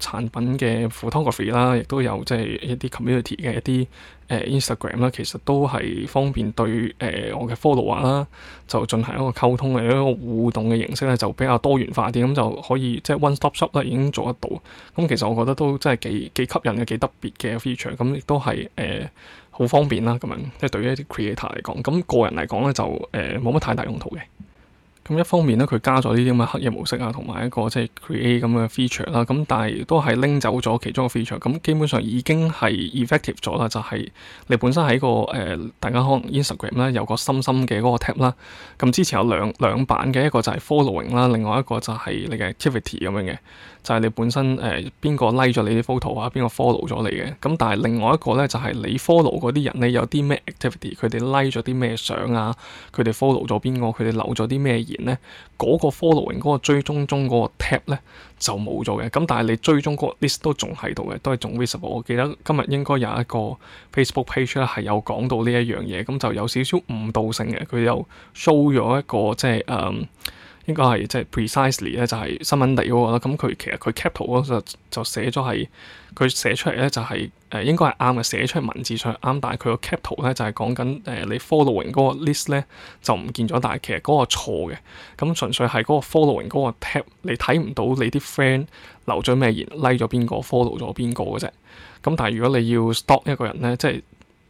Speaker 1: 產品嘅 photography 啦，亦都有即係一啲 community 嘅一啲誒、呃、Instagram 啦，其實都係方便對誒、呃、我嘅 follower 啦，就進行一個溝通嘅一個互動嘅形式咧，就比較多元化啲，咁就可以即係、就是、one stop shop 啦，已經做得到。咁其實我覺得都真係幾幾吸引嘅，幾特別嘅 feature。咁亦都係誒。好方便啦，咁樣即係對於一啲 creator 嚟講，咁、那個人嚟講咧就誒冇乜太大用途嘅。咁一方面咧，佢加咗呢啲咁嘅黑夜模式啊，同埋一個即係 create 咁嘅 feature 啦。咁但係都係拎走咗其中嘅 feature。咁基本上已經係 effective 咗啦，就係、是、你本身喺個誒、呃，大家可能 Instagram 咧有個深深嘅嗰個 tab 啦。咁之前有兩兩版嘅，一個就係 following 啦，另外一個就係你嘅 activity 咁樣嘅。就係你本身誒邊個 like 咗你啲 photo 啊，邊個 follow 咗你嘅？咁但係另外一個咧，就係、是、你 follow 嗰啲人咧，你有啲咩 activity，佢哋 like 咗啲咩相啊？佢哋 follow 咗邊個？佢哋留咗啲咩言咧？嗰個 following 嗰個追蹤中嗰個 tap 咧就冇咗嘅。咁但係你追蹤嗰 list 都仲喺度嘅，都係仲 visible。我記得今日應該有一個 Facebook page 咧係有講到呢一樣嘢，咁就有少少誤導性嘅。佢又 show 咗一個即係誒。就是 um, 應該係即係 precisely 咧，就係、係、新聞地一、嗰個啦。咁佢其實佢 caption 嗰個就就寫咗係佢寫出嚟咧、就係呃呃，就係誒應該係啱嘅寫出嚟文字上係啱，但係佢個 caption 咧就係講緊誒你 following 嗰個 list 咧就唔見咗，但係其實嗰個錯嘅咁純粹係嗰個 following 嗰個 tap 你睇唔到你啲 friend 留咗咩言 like 咗邊個 follow 咗邊個嘅啫。咁但係如果你要 stop 一個人咧，即係。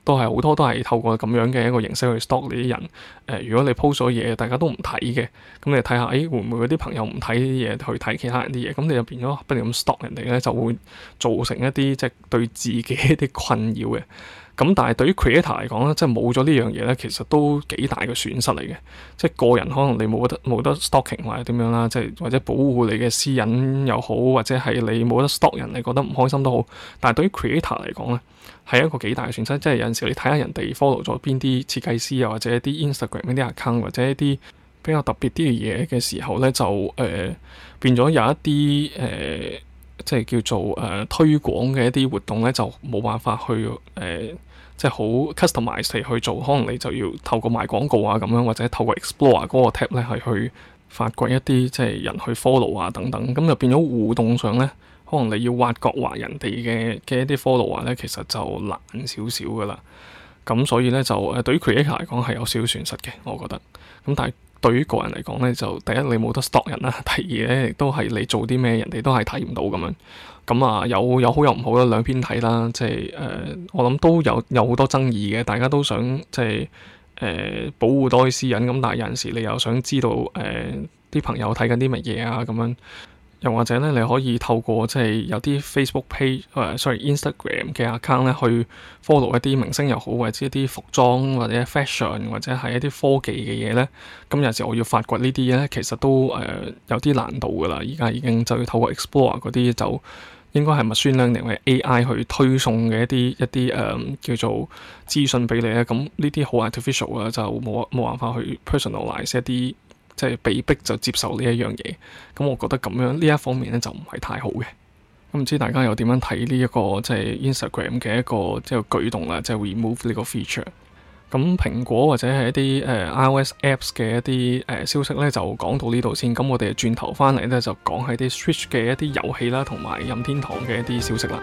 Speaker 1: 都係好多都係透過咁樣嘅一個形式去 stalk 你啲人。誒、呃，如果你鋪咗嘢，大家都唔睇嘅，咁你睇下，誒、哎、會唔會有啲朋友唔睇啲嘢，去睇其他人啲嘢？咁你就變咗不如咁 stalk 人哋咧，就會造成一啲即係對自己一啲困擾嘅。咁但係對於 creator 嚟講咧，即係冇咗呢樣嘢咧，其實都幾大嘅損失嚟嘅。即係個人可能你冇得冇得 stalking 或者點樣啦，即係或者保護你嘅私隱又好，或者係你冇得 stalk 人，你覺得唔開心都好。但係對於 creator 嚟講咧，係一個幾大嘅損失。即係有陣時你睇下人哋 follow 咗邊啲設計師啊，或者一啲 Instagram 啲 account，或者一啲比較特別啲嘅嘢嘅時候咧，就誒、呃、變咗有一啲誒。呃即係叫做誒、呃、推廣嘅一啲活動咧，就冇辦法去誒、呃、即係好 customize 去做，可能你就要透過賣廣告啊咁樣，或者透過 explore 嗰個 tap 咧係去發掘一啲即係人去 follow 啊等等，咁就變咗互動上咧，可能你要挖掘話人哋嘅嘅一啲 follow 啊咧，其實就難少少噶啦。咁所以咧就誒，對於 creator 嚟講係有少少損失嘅，我覺得咁但係。對於個人嚟講咧，就第一你冇得 stop 人啦，第二咧亦都係你做啲咩，人哋都係睇唔到咁樣。咁啊，有有好有唔好啦，兩邊睇啦，即係誒、呃，我諗都有有好多爭議嘅，大家都想即係誒、呃、保護多啲私隱咁，但係有陣時你又想知道誒啲、呃、朋友睇緊啲乜嘢啊咁樣。又或者咧，你可以透過即係有啲 Facebook page，誒、uh，sorry Instagram 嘅 account 咧，去 follow 一啲明星又好，或者一啲服裝或者 fashion，或者係一啲科技嘅嘢咧。咁有陣時候我要發掘呢啲咧，其實都誒、uh, 有啲難度㗎啦。而家已經就要透過 explore 嗰啲，就應該係咪算量定係 AI 去推送嘅一啲一啲誒、um, 叫做資訊俾你咧。咁呢啲好 artificial 啊，就冇冇辦法去 personalize 一啲。即係被逼就接受呢一樣嘢，咁我覺得咁樣呢一方面咧就唔係太好嘅。咁唔知大家又點樣睇呢、這個、一個即係 Instagram 嘅一個即係舉動啦，即係 remove 呢個 feature。咁蘋果或者係一啲誒、uh, iOS apps 嘅一啲誒、uh, 消息咧就講到呢度先。咁我哋轉頭翻嚟咧就講係啲 Switch 嘅一啲遊戲啦，同埋任天堂嘅一啲消息啦。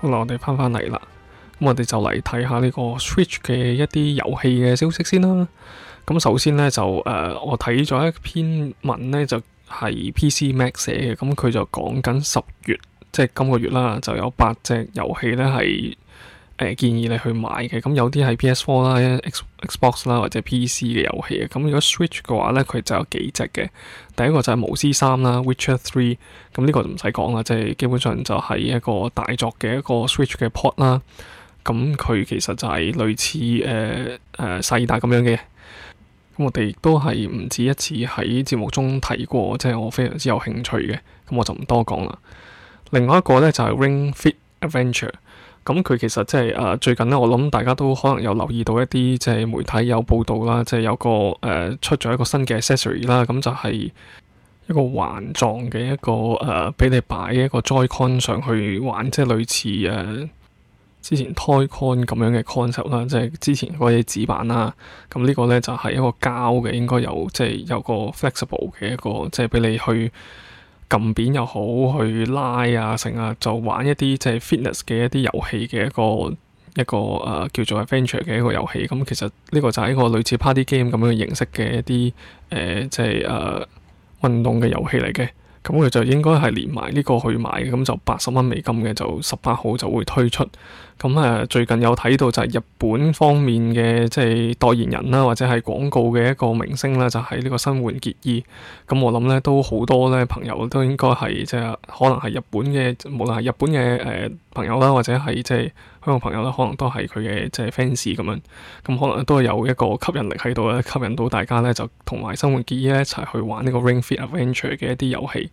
Speaker 1: 好啦，我哋翻返嚟啦，咁我哋就嚟睇下呢個 Switch 嘅一啲遊戲嘅消息先啦。咁首先呢，就誒、呃，我睇咗一篇文呢，就係、是、PC Max 寫嘅，咁佢就講緊十月，即係今個月啦，就有八隻遊戲呢係。誒建議你去買嘅，咁有啲係 PS4 啦、X XBOX 啦或者 PC 嘅遊戲，咁如果 Switch 嘅話咧，佢就有幾隻嘅。第一個就係《巫師三》啦，《Witcher Three》。咁呢個就唔使講啦，即係基本上就係一個大作嘅一個 Switch 嘅 port 啦。咁佢其實就係類似誒誒、呃呃《世紀大》咁樣嘅。咁我哋都係唔止一次喺節目中提過，即係我非常之有興趣嘅。咁我就唔多講啦。另外一個咧就係《Ring Fit Adventure》。咁佢、嗯、其實即係誒最近咧，我諗大家都可能有留意到一啲即係媒體有報道啦，即係有個誒出咗一個新嘅 accessory 啦，咁就係一個環狀嘅一個誒，俾你擺一個 Joy-Con 上去玩，即係類似誒之前 Toy-Con 咁樣嘅 concept 啦，即係之前嗰啲紙板啦。咁呢個咧就係一個膠嘅，應該有即係有個 flexible 嘅一個，即係俾你去，撳扁又好，去拉啊，成啊，就玩一啲即係、就是、fitness 嘅一啲遊戲嘅一個一個誒、呃、叫做 adventure 嘅一個遊戲。咁、嗯、其實呢個就係一個類似 party game 咁樣嘅形式嘅一啲誒即係誒運動嘅遊戲嚟嘅。咁、嗯、佢就應該係連埋呢個去買嘅，咁、嗯、就八十蚊美金嘅就十八號就會推出。咁誒最近有睇到就係日本方面嘅即係代言人啦，或者係廣告嘅一個明星咧，就係呢個新垣結衣。咁我諗咧都好多咧朋友都應該係即係可能係日本嘅，無論係日本嘅誒朋友啦，或者係即係香港朋友啦，可能都係佢嘅即係 fans 咁樣。咁可能都係有一個吸引力喺度咧，吸引到大家咧就同埋新垣結衣一齊去玩呢個 Ring Fit Adventure 嘅一啲遊戲。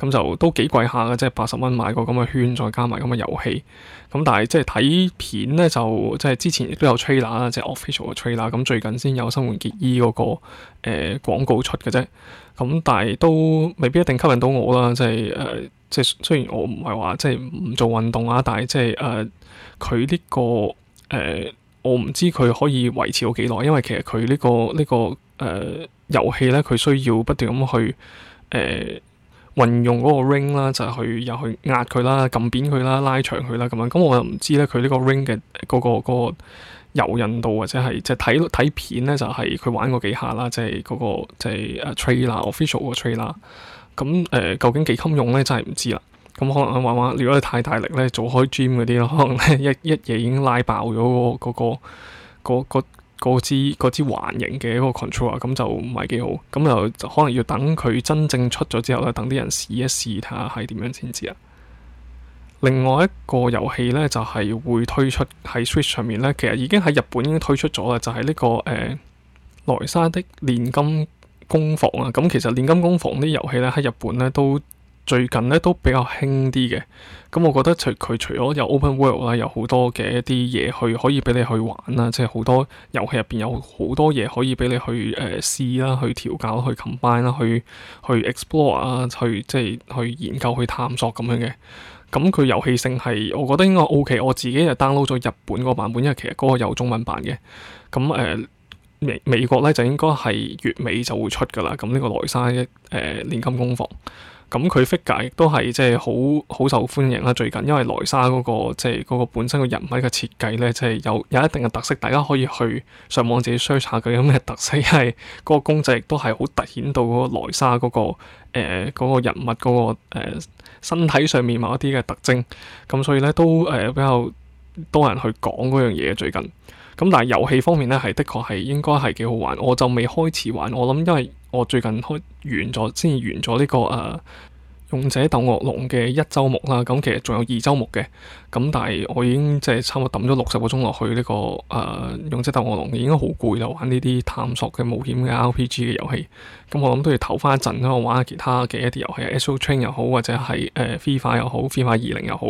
Speaker 1: 咁就都幾貴下嘅，即係八十蚊買個咁嘅圈，再加埋咁嘅遊戲。咁但係即係睇片咧，就即係之前亦都有 trailer 啦，即係 official trailer。咁最近先有新、那個《新垣結衣》嗰個誒廣告出嘅啫。咁但係都未必一定吸引到我啦。即係誒、呃，即係雖然我唔係話即係唔做運動啊，但係即係誒佢呢個誒、呃，我唔知佢可以維持到幾耐，因為其實佢呢、這個呢、這個誒、呃、遊戲咧，佢需要不斷咁去誒。呃運用嗰個 ring 啦，就去又去壓佢啦、撳扁佢啦、拉長佢啦咁樣。咁我又唔知咧，佢呢個 ring 嘅嗰個嗰個柔韌度或者係即係睇睇片咧，就係佢玩過幾下啦，即係嗰個即係誒 trailer official 個 trailer。咁、呃、誒究竟幾襟用咧，就係唔知啦。咁可能玩玩如果你太大力咧，做開 gym 嗰啲咯，可能咧一一夜已經拉爆咗嗰嗰個嗰個。嗰個嗰個嗰個嗰支嗰支環形嘅一個 control 啊，咁就唔係幾好，咁就可能要等佢真正出咗之後咧，等啲人試一試睇下係點樣先知啊。另外一個遊戲咧就係會推出喺 Switch 上面咧，其實已經喺日本已經推出咗啦，就係呢個誒《萊莎的煉金工房》啊，咁其實煉金工房啲遊戲咧喺日本咧都。最近咧都比較輕啲嘅，咁、嗯、我覺得除佢除咗有 Open World 啦，有好多嘅一啲嘢去可以俾你去玩啦，即係好多遊戲入邊有好多嘢可以俾你去誒、呃、試啦，去調校、去 combine 啦、去去 explore 啊、去即係去研究、去探索咁樣嘅。咁、嗯、佢遊戲性係我覺得應該 OK，我自己就 download 咗日本嗰個版本，因為其實嗰個有中文版嘅。咁、嗯、誒、呃、美美國咧就應該係月尾就會出㗎啦。咁、嗯、呢、這個萊莎一誒練金工房。咁佢 figure 亦都係即係好好受歡迎啦，最近因為萊莎嗰個即係嗰個本身嘅人物嘅設計咧，即係有有一定嘅特色，大家可以去上網自己 search 下佢有咩特色。因為嗰個公仔亦都係好突顯到嗰個萊莎嗰個誒嗰個人物嗰個誒身體上面某一啲嘅特徵，咁所以咧都誒比較多人去講嗰樣嘢最近。咁但係遊戲方面咧，係的確係應該係幾好玩。我就未開始玩，我諗因為我最近開完咗，先完咗呢個誒《勇者鬥惡龍》嘅一周目啦。咁其實仲有二週目嘅。咁但係我已經即係差唔多抌咗六十個鐘落去呢個誒《勇者鬥惡龍》，已經好攰啦。玩呢啲探索嘅冒險嘅 RPG 嘅遊戲。咁我諗都要唞翻一陣，我玩下其他嘅一啲遊戲 Soul Train 又好，或者係誒 FIFA 又好，FIFA 二零又好。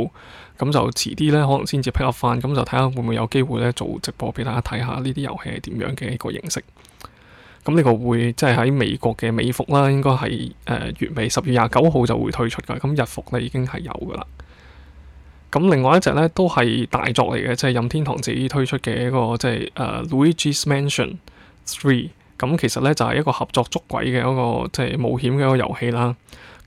Speaker 1: 咁就遲啲咧，可能先至配合翻，咁就睇下會唔會有機會咧做直播俾大家睇下呢啲遊戲係點樣嘅一個形式。咁呢個會即係喺美國嘅美服啦，應該係誒、呃、月尾十月廿九號就會推出噶。咁日服咧已經係有噶啦。咁另外一隻咧都係大作嚟嘅，即、就、係、是、任天堂自己推出嘅一個即係誒 Luigi’s Mansion Three。咁其實咧就係、是、一個合作捉鬼嘅一個即係、就是、冒險嘅一個遊戲啦。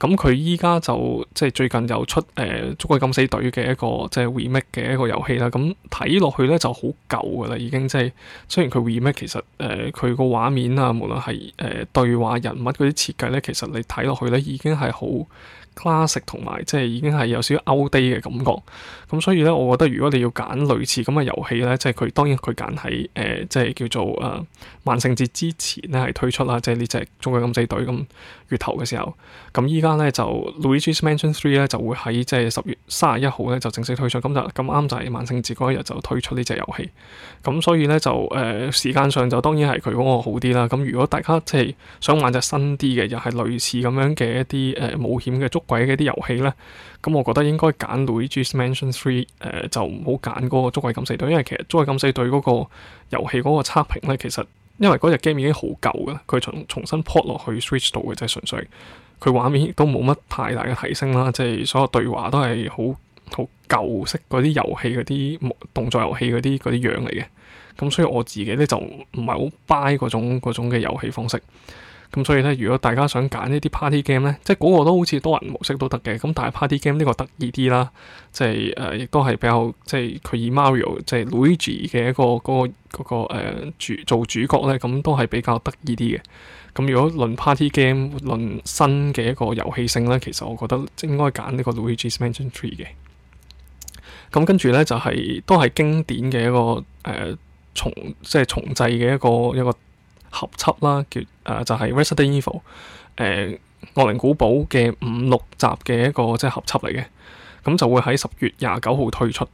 Speaker 1: 咁佢依家就即係最近又出誒、呃《捉鬼敢死隊》嘅一個即係 remake 嘅一個遊戲啦。咁睇落去咧就好舊噶啦，已經即係。雖然佢 remake 其實誒佢個畫面啊，無論係誒對話人物嗰啲設計咧，其實你睇落去咧已經係好 classic 同埋即係已經係有少少 out day 嘅感覺，咁所以咧，我覺得如果你要揀類似咁嘅遊戲咧，即係佢當然佢揀喺誒即係叫做誒、呃、萬聖節之前咧係推出啦，即係呢隻《中國金仔隊》咁月頭嘅時候。咁依家咧就《Luigi’s Mansion 3》咧就會喺即係十月三十一號咧就正式推出，咁就咁啱就係萬聖節嗰一日就推出呢隻遊戲，咁所以咧就誒、呃、時間上就當然係佢嗰個好啲啦。咁如果大家即係想玩隻新啲嘅，又係類似咁樣嘅一啲誒、呃、冒險嘅鬼嘅啲遊戲呢，咁、嗯、我覺得應該揀《Luigi's Mansion 3，呃》，誒就唔好揀嗰個《捉鬼敢死隊》，因為其實《捉鬼敢死隊》嗰個遊戲嗰個測評咧，其實因為嗰隻 game 已經好舊嘅，佢重重新 port 落去 Switch 度嘅，就係、是、純粹佢畫面亦都冇乜太大嘅提升啦，即、就、係、是、所有對話都係好好舊式嗰啲遊戲嗰啲動作遊戲嗰啲啲樣嚟嘅，咁、嗯、所以我自己呢，就唔係好 buy 嗰種嗰種嘅遊戲方式。咁所以咧，如果大家想揀呢啲 party game 咧，即係嗰個都好似多人模式都得嘅。咁但係 party game 呢個得意啲啦，即係誒亦都係比較即係佢以 Mario 即係 Luigi 嘅一個嗰、嗰個嗰、呃、主做主角咧，咁都係比較得意啲嘅。咁如果論 party game，論新嘅一個遊戲性咧，其實我覺得應該揀呢個 Luigi’s Mansion 3嘅。咁跟住咧就係、是、都係經典嘅一個誒重即係重製嘅一個一個。呃合輯啦，叫誒、呃、就係、是《Resident Evil、呃》誒惡靈古堡嘅五六集嘅一個即係合輯嚟嘅，咁就會喺十月廿九號推出。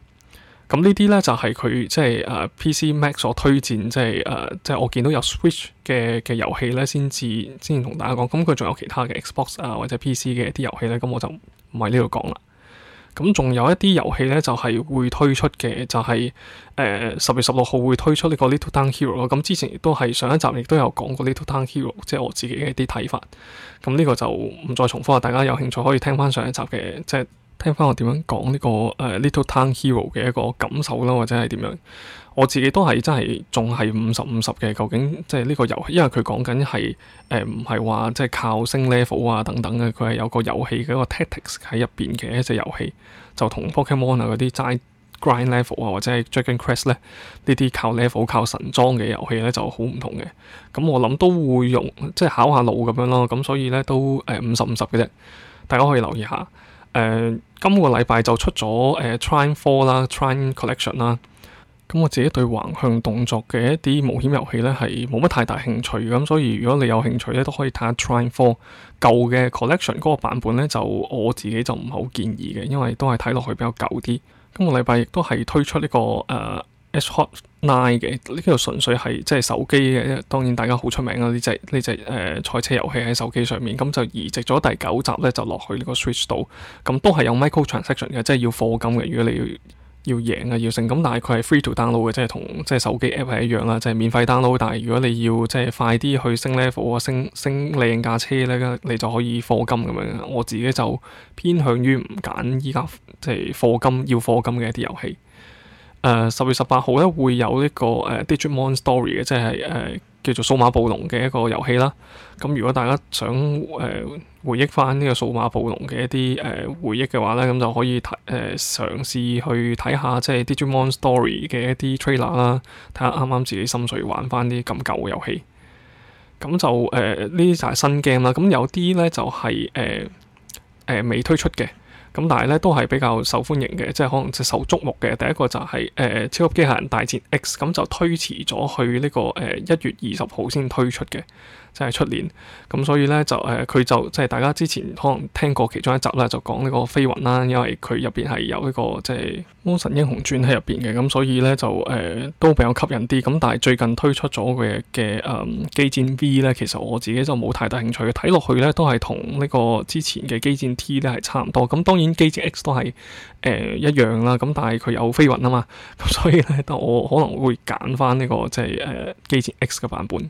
Speaker 1: 咁呢啲咧就係、是、佢即係誒、呃、PC Mac 所推薦，即係誒即係我見到有 Switch 嘅嘅遊戲咧先至先同大家講。咁佢仲有其他嘅 Xbox 啊、呃、或者 PC 嘅一啲遊戲咧，咁我就唔喺呢度講啦。咁仲有一啲遊戲呢，就係會推出嘅，就係誒十月十六號會推出呢個 Little Town Hero。咁之前亦都係上一集亦都有講過 Little Town Hero，即係我自己嘅一啲睇法。咁呢個就唔再重複啦。大家有興趣可以聽翻上一集嘅，即係聽翻我點樣講呢個誒 Little Town Hero 嘅一個感受啦，或者係點樣。我自己都係真係仲係五十五十嘅，究竟即係呢個遊戲，因為佢講緊係誒唔係話即係靠升 level 啊等等嘅，佢係有個遊戲嘅一個 tactics 喺入邊嘅一隻遊戲，就同 Pokemon 啊、er、嗰啲齋 grind level 啊或者係 Dragon Quest 咧呢啲靠 level 靠神裝嘅遊戲咧就好唔同嘅。咁我諗都會用即係考下腦咁樣咯。咁所以咧都誒五十五十嘅啫，大家可以留意下。誒、呃、今個禮拜就出咗誒 Trine 4啦 Trine Collection 啦。咁我自己對橫向動作嘅一啲冒險遊戲咧係冇乜太大興趣，咁所以如果你有興趣咧，都可以睇下 Try For 舊嘅 Collection 嗰個版本咧，就我自己就唔係好建議嘅，因為都係睇落去比較舊啲。今個禮拜亦都係推出呢、這個 s、uh, Hot Nine 嘅，呢、這個純粹係即係手機嘅，因當然大家好出名啦、啊，呢隻呢隻誒賽、uh, 車遊戲喺手機上面，咁就移植咗第九集咧就落去呢個 Switch 度，咁都係有 microtransaction 嘅，即係要課金嘅，如果你要。要贏啊要勝咁，但係佢係 free to download 嘅，即係同即係手機 app 係一樣啦，即係免費 download。但係如果你要即係快啲去升 level 升升靚架車咧，你就可以課金咁樣。我自己就偏向於唔揀依家即係課金要課金嘅一啲遊戲。誒、uh,，十月十八號咧會有一、這個誒 uh,《Digimon Story》嘅，即係誒叫做《數碼暴龍》嘅一個遊戲啦。咁如果大家想誒，uh, 回憶翻呢個數碼暴龍嘅一啲誒、呃、回憶嘅話咧，咁就可以睇誒、呃、嘗試去睇下即係 Digimon Story 嘅一啲 trailer 啦，睇下啱啱自己心水玩翻啲咁舊嘅遊戲。咁就誒呢啲就係新 game 啦。咁有啲咧就係誒誒未推出嘅，咁但係咧都係比較受歡迎嘅，即係可能即係受注目嘅。第一個就係、是、誒、呃、超級機械人大戰 X，咁就推遲咗去呢、這個誒一、呃、月二十號先推出嘅。即係出年咁，所以咧就誒佢、呃、就即係大家之前可能聽過其中一集啦，就講呢個飛雲啦，因為佢入邊係有呢個即係《魔神英雄傳》喺入邊嘅，咁所以咧就誒、呃、都比較吸引啲。咁但係最近推出咗嘅嘅誒機戰 V 咧，其實我自己就冇太大興趣。睇落去咧都係同呢個之前嘅機戰 T 咧係差唔多。咁當然機戰 X 都係誒、呃、一樣啦。咁但係佢有飛雲啊嘛，咁所以咧我可能會揀翻呢個即係誒機戰 X 嘅版本。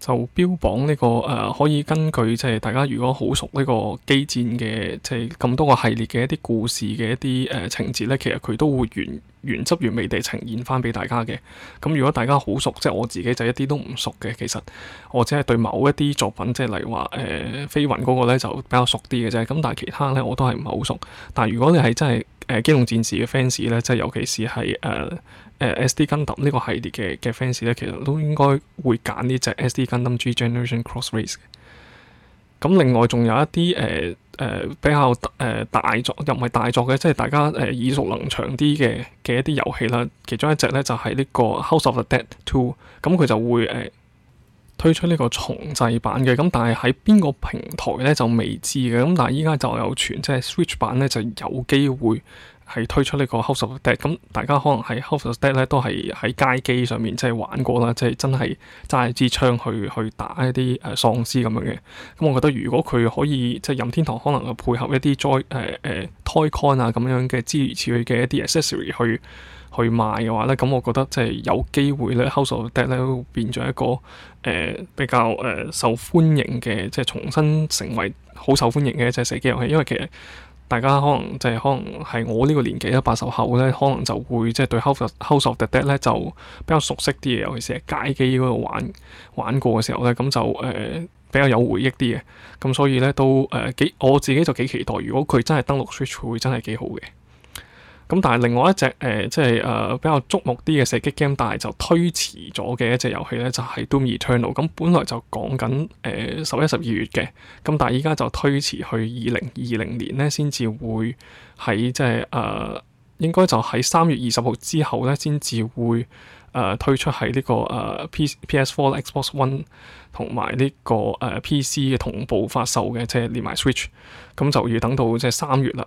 Speaker 1: 就標榜呢、這個誒、呃，可以根據即係大家如果好熟呢個機戰嘅，即係咁多個系列嘅一啲故事嘅一啲誒、呃、情節呢，其實佢都會原原汁原味地呈現翻俾大家嘅。咁如果大家好熟，即、就、係、是、我自己就一啲都唔熟嘅。其實我只係對某一啲作品，即、就、係、是、例如話誒、呃、飛雲嗰、那個咧就比較熟啲嘅啫。咁但係其他呢，我都係唔係好熟。但係如果你係真係誒機動戰士嘅 fans 咧，即、就、係、是、尤其是係誒。呃誒、呃、SD Gundam 呢個系列嘅嘅 fans 咧，其實都應該會揀呢隻 SD Gundam G Generation Cross Race。咁另外仲有一啲誒誒比較誒、呃、大作又唔係大作嘅，即係大家誒、呃、耳熟能詳啲嘅嘅一啲遊戲啦。其中一隻咧就係、是、呢個 House of the Dead Two，咁佢就會誒、呃、推出呢個重製版嘅。咁但係喺邊個平台咧就未知嘅。咁但係依家就有傳，即係 Switch 版咧就有機會。係推出呢個《House of Dead》，咁大家可能係《House of Dead》咧，都係喺街機上面即係玩過啦，即係真係揸支槍去去打一啲誒、呃、喪屍咁樣嘅。咁我覺得如果佢可以即係任天堂可能配合一啲在誒誒《Toy Con》啊咁樣嘅諸如此類嘅一啲 Accessory 去去賣嘅話咧，咁我覺得即係有機會咧，《 House of Dead》咧都變咗一個誒、呃、比較誒、呃、受歡迎嘅，即係重新成為好受歡迎嘅一隻射擊遊戲，因為其實。大家可能即、就、係、是、可能係我呢個年紀咧，八十後咧，可能就會即係、就是、對 of Dead《House of the Dead》咧就比較熟悉啲嘅，尤其是係街機嗰度玩玩過嘅時候咧，咁就誒、呃、比較有回憶啲嘅。咁所以咧都誒、呃、幾我自己就幾期待，如果佢真係登陸 Switch，會真係幾好嘅。咁、嗯、但係另外一隻誒、呃，即係誒、呃、比較觸目啲嘅射擊 game，但係就推遲咗嘅一隻遊戲咧，就係、是 Do 嗯《Doom Eternal》咁本來就講緊誒十一、十、呃、二月嘅，咁但係依家就推遲去二零二零年咧，先至會喺即係誒、呃，應該就喺三月二十號之後咧，先至會誒、呃、推出喺呢、這個誒 P P S Four、呃、4, Xbox One 同埋呢個誒、呃、P C 嘅同步發售嘅，即係連埋 Switch、嗯。咁就要等到即係三月啦。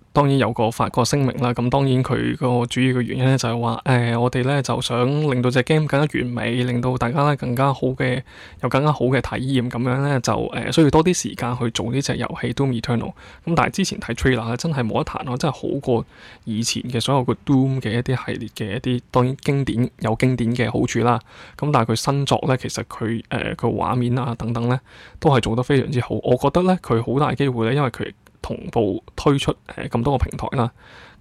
Speaker 1: 當然有個發個聲明啦，咁當然佢個主要嘅原因咧就係、是、話，誒、呃、我哋咧就想令到隻 game 更加完美，令到大家咧更加好嘅，有更加好嘅體驗，咁樣咧就誒、呃、需要多啲時間去做呢隻遊戲《Doom Eternal》嗯。咁但係之前睇 trailer 真係冇得彈咯，真係好過以前嘅所有個 Doom 嘅一啲系列嘅一啲，當然經典有經典嘅好處啦。咁、嗯、但係佢新作咧，其實佢誒個畫面啊等等咧，都係做得非常之好。我覺得咧，佢好大機會咧，因為佢，同步推出誒咁、呃、多個平台啦，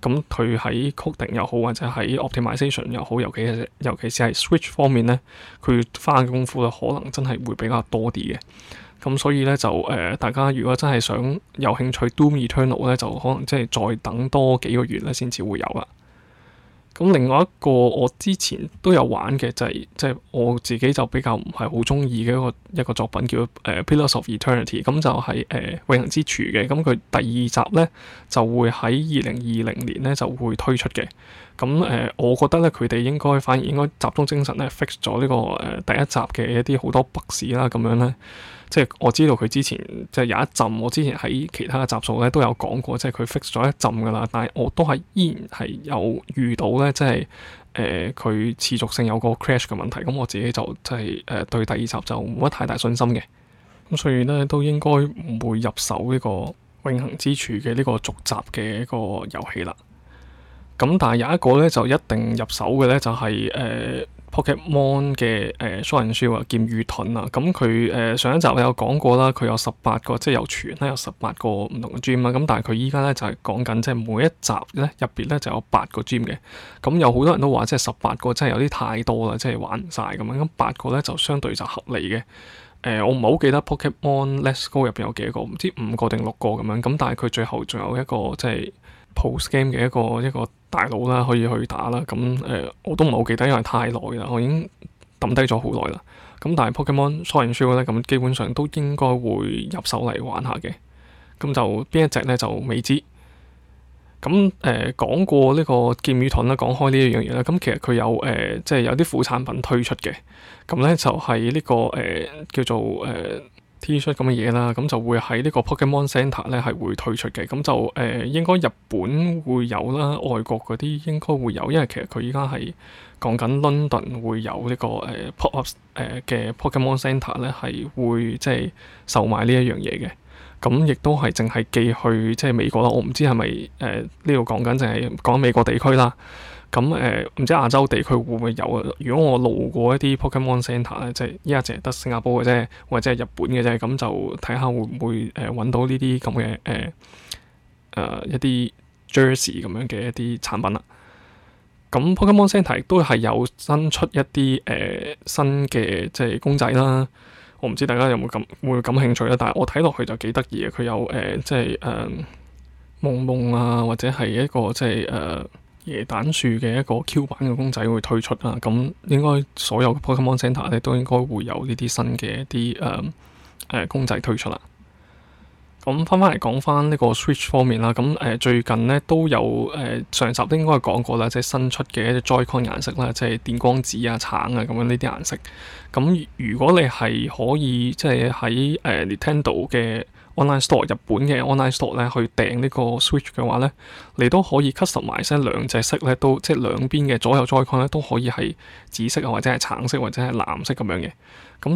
Speaker 1: 咁、啊、佢喺 coding 又好，或者喺 optimization 又好，尤其係尤其是係 switch 方面咧，佢花嘅功夫咧，可能真係會比較多啲嘅。咁、啊、所以咧就誒、呃，大家如果真係想有興趣 Doom Eternal 咧，就可能即係再等多幾個月咧，先至會有啦。咁另外一個我之前都有玩嘅就係，即係我自己就比較唔係好鍾意嘅一個一個作品叫，誒、e 就是《Pillars of Eternity》咁就係誒《永恆之柱》嘅。咁佢第二集咧就會喺二零二零年咧就會推出嘅。咁誒，我覺得咧佢哋應該反而應該集中精神咧 fix 咗呢、這個誒、呃、第一集嘅一啲好多 bugs 啦，咁樣咧。即係我知道佢之前即係有一陣，我之前喺其他嘅集數咧都有講過，即係佢 fix 咗一陣噶啦。但係我都係依然係有遇到咧，即係誒佢持續性有個 crash 嘅問題。咁我自己就即係誒對第二集就冇乜太大信心嘅。咁所以咧都應該唔會入手呢個《永恆之柱》嘅呢個續集嘅一個遊戲啦。咁但係有一個咧就一定入手嘅咧就係、是、誒。呃 Pokemon 嘅誒雙人 show 啊，劍與盾啊，咁佢誒上一集我有講過啦，佢有十八個，即係有傳啦，有十八個唔同嘅 Gym 啦，咁、嗯、但係佢依家咧就係、是、講緊即係每一集咧入邊咧就有八個 Gym 嘅，咁、嗯、有好多人都話即係十八個即係有啲太多啦，即係玩唔曬咁樣，咁、嗯、八個咧就相對就合理嘅。誒、呃，我唔係好記得 Pokemon Let’s Go 入邊有幾個，唔知五個定六個咁樣，咁、嗯、但係佢最後仲有一個即係。就是 Post game 嘅一個一個大佬啦，可以去打啦。咁誒、呃，我都唔係好記得，因為太耐啦，我已經抌低咗好耐啦。咁但係 Pokemon Sword and Shield 咧，咁基本上都應該會入手嚟玩下嘅。咁就邊一隻咧就未知。咁誒、呃、講過呢個劍與盾啦，講開呢一樣嘢啦。咁其實佢有誒、呃，即係有啲副產品推出嘅。咁咧就係、是、呢、這個誒、呃、叫做誒。呃 T 恤咁嘅嘢啦，咁就會喺呢個 Pokemon Center 咧係會推出嘅，咁就誒、呃、應該日本會有啦，外國嗰啲應該會有，因為其實佢而家係講緊 London 會有、這個呃 Pop up，呃、呢個誒 Pop up 誒嘅 Pokemon Center 咧係會即係售賣呢一樣嘢嘅，咁亦都係淨係寄去即係美國啦，我唔知係咪誒呢度講緊淨係講美國地區啦。咁誒唔知亞洲地區會唔會有啊？如果我路過一啲 Pokemon Centre 咧，即係依家淨係得新加坡嘅啫，或者係日本嘅啫，咁就睇下會唔會誒搵、呃、到呢啲咁嘅誒誒一啲 Jersey 咁樣嘅一啲產品啦。咁 Pokemon Centre 都係有新出一啲誒、呃、新嘅即係公仔啦。我唔知大家有冇感會，會感興趣啦，但係我睇落去就幾得意嘅。佢有誒、呃、即係誒、呃、夢夢啊，或者係一個即係誒。呃椰蛋樹嘅一個 Q 版嘅公仔會推出啦，咁應該所有 Pokémon Center 咧都應該會有呢啲新嘅一啲誒誒公仔推出啦。咁翻翻嚟講翻呢個 Switch 方面啦，咁、嗯、誒、呃、最近咧都有誒、呃、上集都應該講過啦，即係新出嘅一啲 JoyCon 顏色啦，即係電光紫啊、橙啊咁樣呢啲顏色。咁、嗯、如果你係可以即係喺誒 Nintendo 嘅 online store 日本嘅 online store 咧，去訂呢個 switch 嘅話咧，你都可以 customize 埋，即係兩隻色咧都，即係兩邊嘅左右 Joy-Con 咧都可以係紫色啊，或者係橙色或者係藍色咁樣嘅。咁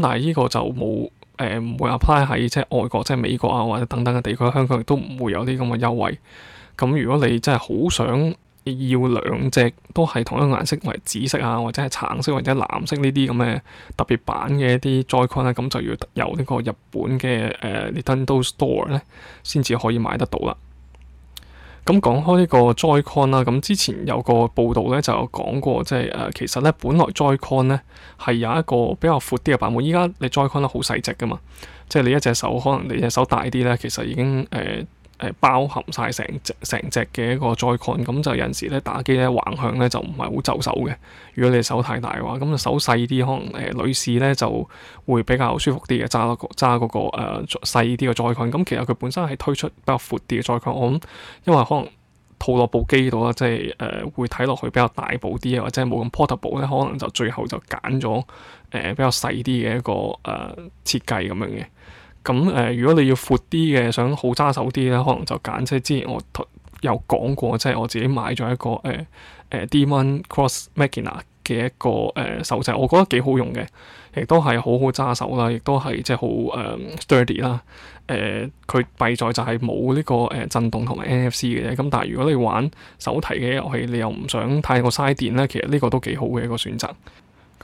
Speaker 1: 但係呢個就冇誒唔會 apply 喺即係外國，即係美國啊或者等等嘅地區，香港亦都唔會有啲咁嘅優惠。咁如果你真係好想，要兩隻都係同一個顏色，例如紫色啊，或者係橙色或者藍色呢啲咁嘅特別版嘅一啲 Joy-Con 啦，咁、啊、就要由呢個日本嘅誒、呃、Nintendo Store 咧，先至可以買得到啦。咁講開呢個 Joy-Con 啦，咁、啊、之前有個報道咧就有講過、就是，即係誒其實咧本來 Joy-Con 咧係有一個比較闊啲嘅版本。依家你 Joy-Con 咧好細隻噶嘛，即、就、係、是、你一隻手可能你隻手大啲咧，其實已經誒。呃誒包含晒成隻成隻嘅一個載控，咁就有時咧打機咧橫向咧就唔係好就手嘅。如果你手太大嘅話，咁就手細啲，可能誒、呃、女士咧就會比較舒服啲嘅，揸揸嗰個誒細啲嘅載控。咁、那個呃、其實佢本身係推出比較闊啲嘅載控，Con，我諗因為可能套落部機度啦，即係誒、呃、會睇落去比較大部啲，或者冇咁 portable 咧，可能就最後就揀咗誒比較細啲嘅一個誒、呃、設計咁樣嘅。咁誒、呃，如果你要闊啲嘅，想好揸手啲咧，可能就揀即係之前我有講過，即係我自己買咗一個誒誒 Daemon X Machina 嘅一個誒、呃、手掣，我覺得幾好用嘅，亦都係好好揸手啦，亦都係即係好誒 sturdy 啦。誒、呃，佢弊在就係冇呢個誒、呃、震動同埋 NFC 嘅啫。咁但係如果你玩手提嘅遊戲，你又唔想太過嘥電咧，其實呢個都幾好嘅一個選擇。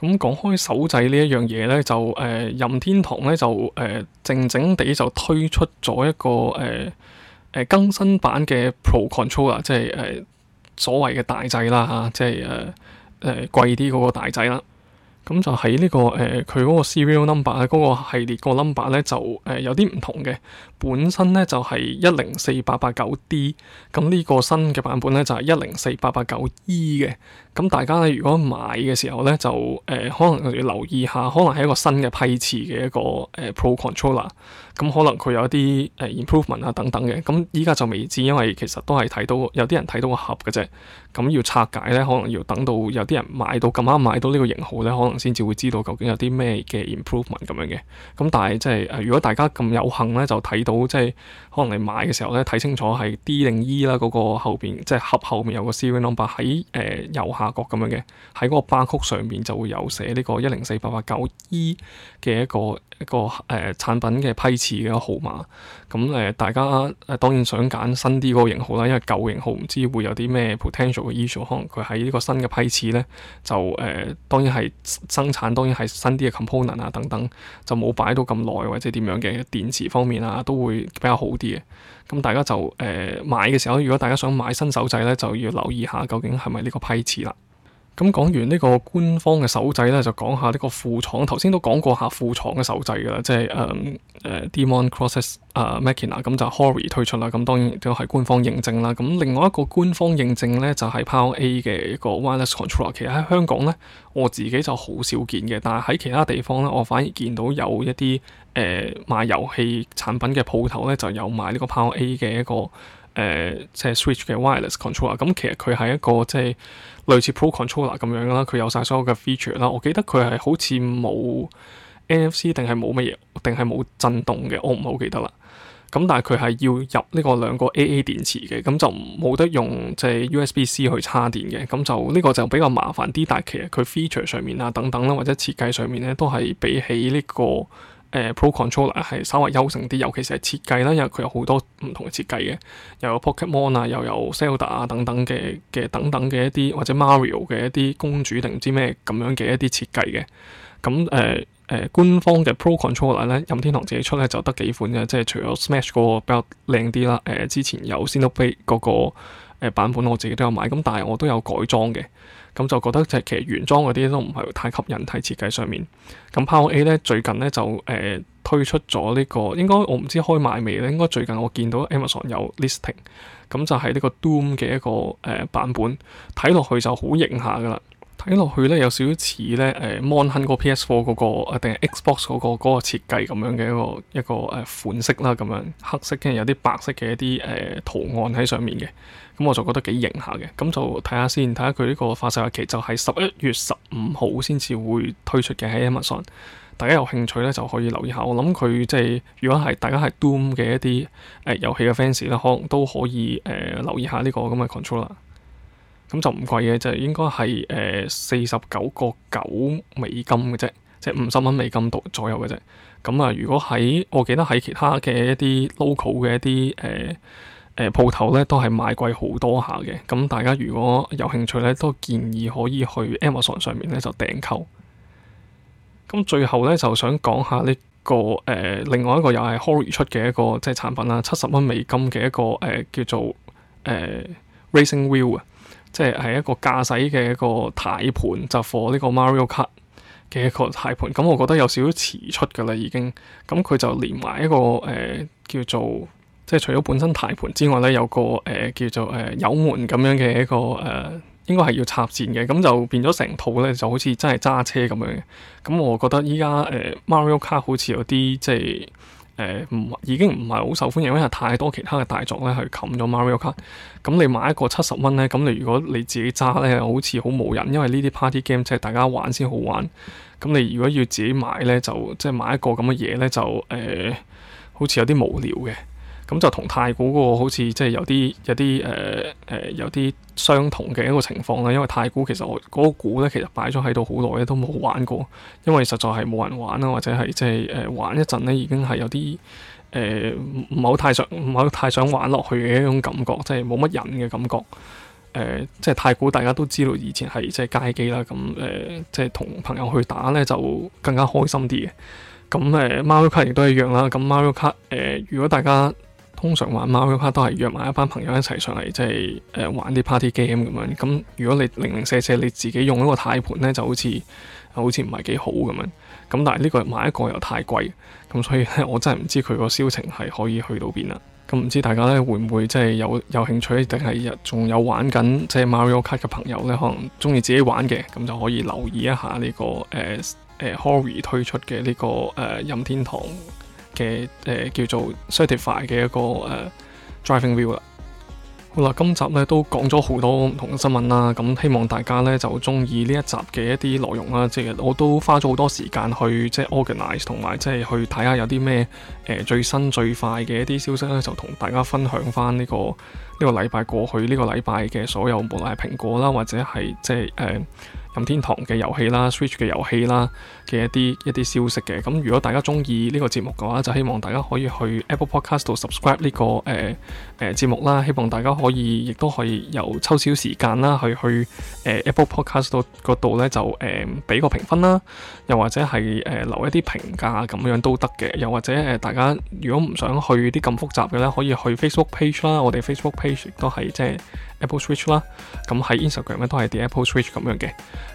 Speaker 1: 咁講開手掣呢一樣嘢咧，就誒、呃、任天堂咧就誒、呃、靜靜地就推出咗一個誒誒、呃呃、更新版嘅 Pro Controller，即係誒、呃、所謂嘅大掣啦嚇，即係誒誒貴啲嗰個大掣啦。咁就喺呢、這個誒佢嗰個 Serial Number 嗰個系列個 Number 咧，就誒、呃、有啲唔同嘅。本身咧就係一零四八八九 D，咁呢個新嘅版本咧就係一零四八八九 E 嘅。咁大家咧如果買嘅時候咧，就誒、呃、可能要留意下，可能係一個新嘅批次嘅一個誒、呃、Pro Controller。咁可能佢有一啲誒、呃、improvement 啊等等嘅。咁依家就未知，因為其實都係睇到有啲人睇到個盒嘅啫。咁要拆解咧，可能要等到有啲人買到咁啱買到呢個型號咧，可能先至會知道究竟有啲咩嘅 improvement 咁樣嘅。咁但係即係誒如果大家咁有幸咧，就睇到。好即係可能你買嘅時候咧，睇清楚係 D 定 E 啦，個後邊即係盒後面有個 serial number 喺，誒、呃、右下角咁樣嘅，喺嗰個 bar code 上面就會有寫呢個一零四八八九 E 嘅一個。一個誒、呃、產品嘅批次嘅號碼，咁、嗯、誒、呃、大家誒、呃、當然想揀新啲個型號啦，因為舊型號唔知會有啲咩 potential issue，可能佢喺呢個新嘅批次咧就誒、呃、當然係生產當然係新啲嘅 component 啊等等，就冇擺到咁耐或者點樣嘅電池方面啊都會比較好啲嘅，咁、嗯、大家就誒、呃、買嘅時候，如果大家想買新手仔咧，就要留意下究竟係咪呢個批次啦。咁講完呢個官方嘅手掣咧，就講下呢個副廠。頭先都講過下副廠嘅手掣噶啦，即係誒誒 Daemon X、uh, Machina 咁就 Hori 推出啦。咁當然都係官方認證啦。咁另外一個官方認證咧，就係、是、PowerA 嘅一個 Wireless Controller。其實喺香港咧，我自己就好少見嘅。但係喺其他地方咧，我反而見到有一啲誒、呃、賣遊戲產品嘅鋪頭咧，就有賣呢個 PowerA 嘅一個誒、呃、即係 Switch 嘅 Wireless Controller、嗯。咁其實佢係一個即係。類似 Pro Controller 咁樣啦，佢有晒所有嘅 feature 啦。我記得佢係好似冇 NFC 定係冇乜嘢，定係冇震動嘅，我唔好記得啦。咁但係佢係要入呢個兩個 AA 電池嘅，咁就冇得用即係 USB C 去插電嘅。咁就呢個就比較麻煩啲。但係其實佢 feature 上面啊等等啦，或者設計上面咧，都係比起呢個。呃、Pro Controller 係稍微優勝啲，尤其是係設計啦，因為佢有好多唔同嘅設計嘅，又有 Pokémon 啊，又有 Zelda 啊等等嘅嘅等等嘅一啲或者 Mario 嘅一啲公主定唔知咩咁樣嘅一啲設計嘅。咁誒誒官方嘅 Pro Controller 咧，任天堂自己出咧就得幾款嘅，即係除咗 Smash 嗰個比較靚啲啦。誒、呃、之前有 Xenoblade、no、嗰、那個、呃、版本，我自己都有買，咁但係我都有改裝嘅。咁就覺得就其實原裝嗰啲都唔係太吸引，喺設計上面。咁 Power A 咧最近咧就誒、呃、推出咗呢個，應該我唔知開賣未咧。應該最近我見到 Amazon 有 listing，咁就係呢個 Doom 嘅一個誒、呃、版本，睇落去就好型下㗎喇。睇落去咧有少少似咧誒 Monken 個 PS 貨嗰個啊，定係 Xbox 嗰個嗰個設計咁樣嘅一個一個誒、呃、款式啦，咁樣黑色跟住有啲白色嘅一啲誒、呃、圖案喺上面嘅，咁我就覺得幾型下嘅，咁就睇下先，睇下佢呢個發售日期就係十一月十五號先至會推出嘅喺 Amazon，大家有興趣咧就可以留意下。我諗佢即係如果係大家係 Doom 嘅一啲誒、呃、遊戲嘅 fans 咧，可能都可以誒、呃、留意下呢、這個咁嘅 controller。咁就唔貴嘅，就應該係誒四十九個九美金嘅啫，即係五十蚊美金度左右嘅啫。咁啊，如果喺我記得喺其他嘅一啲 local 嘅一啲誒誒鋪頭咧，都係買貴好多下嘅。咁大家如果有興趣咧，都建議可以去 Amazon 上面咧就訂購。咁最後咧就想講下呢、這個誒、呃，另外一個又係 Hori 出嘅一個即係產品啦，七十蚊美金嘅一個誒、呃、叫做誒、呃、Racing Wheel 啊。即係一個駕駛嘅一個軚盤，就火、是、呢個 Mario Kart 嘅一個軚盤。咁、嗯、我覺得有少少遲出嘅啦，已經咁佢、嗯、就連埋一個誒、呃、叫做即係除咗本身軚盤之外呢，有個誒、呃、叫做誒、呃、油門咁樣嘅一個誒、呃，應該係要插線嘅。咁、嗯、就變咗成套呢，就好似真係揸車咁樣嘅。咁、嗯、我覺得依家、呃、Mario Kart 好似有啲即係。誒唔、呃、已經唔係好受歡迎，因為太多其他嘅大作咧去冚咗 Mario Kart。咁你買一個七十蚊咧，咁你如果你自己揸咧，好似好無癮，因為呢啲 party game 即係大家玩先好玩。咁你如果要自己買咧，就即係買一個咁嘅嘢咧，就誒、呃、好似有啲無聊嘅。咁就同太古嗰個好似即係有啲有啲誒誒有啲相同嘅一個情況啦，因為太古其實我嗰個股咧其實擺咗喺度好耐咧，都冇玩過，因為實在係冇人玩啦，或者係即係誒玩一陣咧已經係有啲誒唔唔好太想唔好太想玩落去嘅一種感覺，即係冇乜人嘅感覺。誒即係太古大家都知道以前係即係街機啦，咁誒即係同朋友去打咧就更加開心啲嘅。咁誒 Mario 卡亦都一樣啦。咁 Mario 卡誒如果大家通常玩 Mario Kart 都係約埋一班朋友一齊上嚟，即係誒玩啲 party game 咁樣。咁如果你零零舍舍你自己用嗰個軚盤咧，就好似好似唔係幾好咁樣。咁但係呢個買一個又太貴，咁所以咧我真係唔知佢個銷情係可以去到邊啦。咁唔知大家咧會唔會即係有有興趣，定係日仲有玩緊即係 Mario Kart 嘅朋友咧，可能中意自己玩嘅，咁就可以留意一下呢、這個誒誒、呃呃、Hori 推出嘅呢、這個誒任、呃、天堂。嘅誒、呃、叫做 Certify 嘅一個誒、呃、Driving View 啦，好啦，今集咧都講咗好多唔同嘅新聞啦，咁、嗯、希望大家咧就中意呢一集嘅一啲內容啦，即係我都花咗好多時間去即係 Organize 同埋即係去睇下有啲咩誒最新最快嘅一啲消息咧，就同大家分享翻呢、呢個呢、呢個禮拜過去呢個禮拜嘅所有無論係蘋果啦或者係即係誒，呃任天堂嘅遊戲啦，Switch 嘅遊戲啦嘅一啲一啲消息嘅，咁如果大家中意呢個節目嘅話，就希望大家可以去 Apple Podcast 度 subscribe 呢、呢個誒誒、呃呃、節目啦，希望大家可以亦都可以由抽少少時間啦去去誒、呃、Apple Podcast 度嗰度咧就誒俾、呃、個評分啦，又或者係誒、呃、留一啲評價咁樣都得嘅，又或者誒、呃、大家如果唔想去啲咁複雜嘅咧，可以去 Facebook Page 啦，我哋 Facebook Page 都係即係。就是 Apple Switch 啦，咁喺 Instagram 咧都係啲 Apple Switch 咁樣嘅，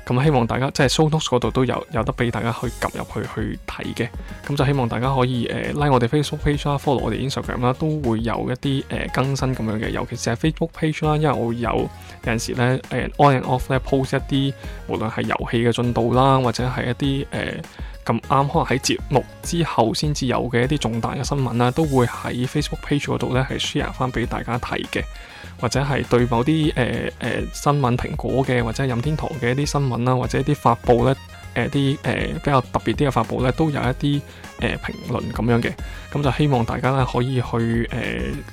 Speaker 1: 咁希望大家即係 Show Notes 嗰度都有有得俾大家去撳入去去睇嘅，咁就希望大家可以誒拉、呃 like、我哋 Facebook Page 啦，follow 我哋 Instagram 啦，都會有一啲誒、呃、更新咁樣嘅，尤其是喺 Facebook Page 啦，因為我會有有陣時咧誒、呃、on and off 咧 post 一啲無論係遊戲嘅進度啦，或者係一啲誒咁啱可能喺節目之後先至有嘅一啲重大嘅新聞啦，都會喺 Facebook Page 嗰度咧係 share 翻俾大家睇嘅。或者係對某啲誒誒新聞、蘋果嘅或者任天堂嘅一啲新聞啦，或者一啲發佈咧誒啲誒比較特別啲嘅發佈咧，都有一啲誒、呃、評論咁樣嘅。咁、嗯、就希望大家咧可以去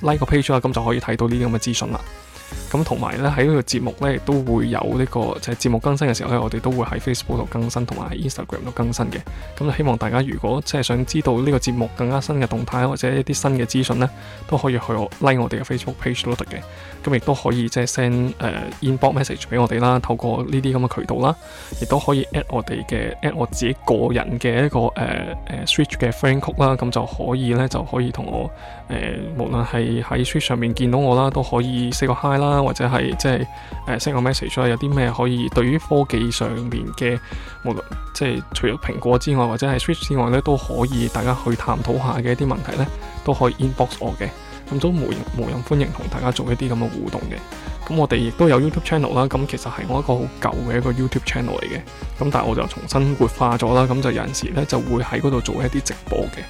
Speaker 1: 誒 like 個 page 啦、啊，咁、嗯、就可以睇到呢啲咁嘅資訊啦。咁同埋咧，喺呢個節目咧，亦都會有呢、這個，就係、是、節目更新嘅時候咧，我哋都會喺 Facebook 度更新，同埋喺 Instagram 度更新嘅。咁、嗯、就希望大家如果即係想知道呢個節目更加新嘅動態或者一啲新嘅資訊咧，都可以去我拉、like、我哋嘅 Facebook page 都得嘅。咁亦都可以即係 send 誒、uh, inbox message 俾我哋啦，透過呢啲咁嘅渠道啦，亦都可以 at 我哋嘅 at 我自己個人嘅一個誒誒、uh, uh, Switch 嘅 friend 曲啦，咁、嗯、就可以咧就可以同我誒、uh, 無論係喺 Switch 上面見到我啦，都可以 say 個 h 啦。或者係即係誒 send 個 message 出嚟，有啲咩可以對於科技上面嘅無論即係除咗蘋果之外，或者係 Switch 之外咧，都可以大家去探討下嘅一啲問題咧，都可以 inbox 我嘅。咁都無人無任歡迎同大家做一啲咁嘅互動嘅。咁我哋亦都有 YouTube channel 啦。咁其實係我一個好舊嘅一個 YouTube channel 嚟嘅。咁但係我就重新活化咗啦。咁就有陣時咧就會喺嗰度做一啲直播嘅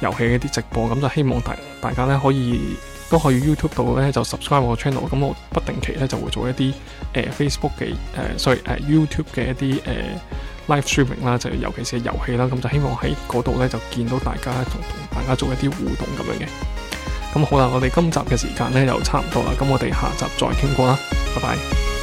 Speaker 1: 遊戲，一啲直播。咁就希望大家大家咧可以。都可以 YouTube 度咧就 subscribe 我 channel，咁我不定期咧就會做一啲誒、呃、Facebook 嘅誒，sorry 誒 YouTube 嘅一啲誒、呃、live streaming 啦，就尤其是遊戲啦，咁就希望喺嗰度咧就見到大家同同大家做一啲互動咁樣嘅。咁好啦，我哋今集嘅時間咧就差唔多啦，咁我哋下集再傾過啦，拜拜。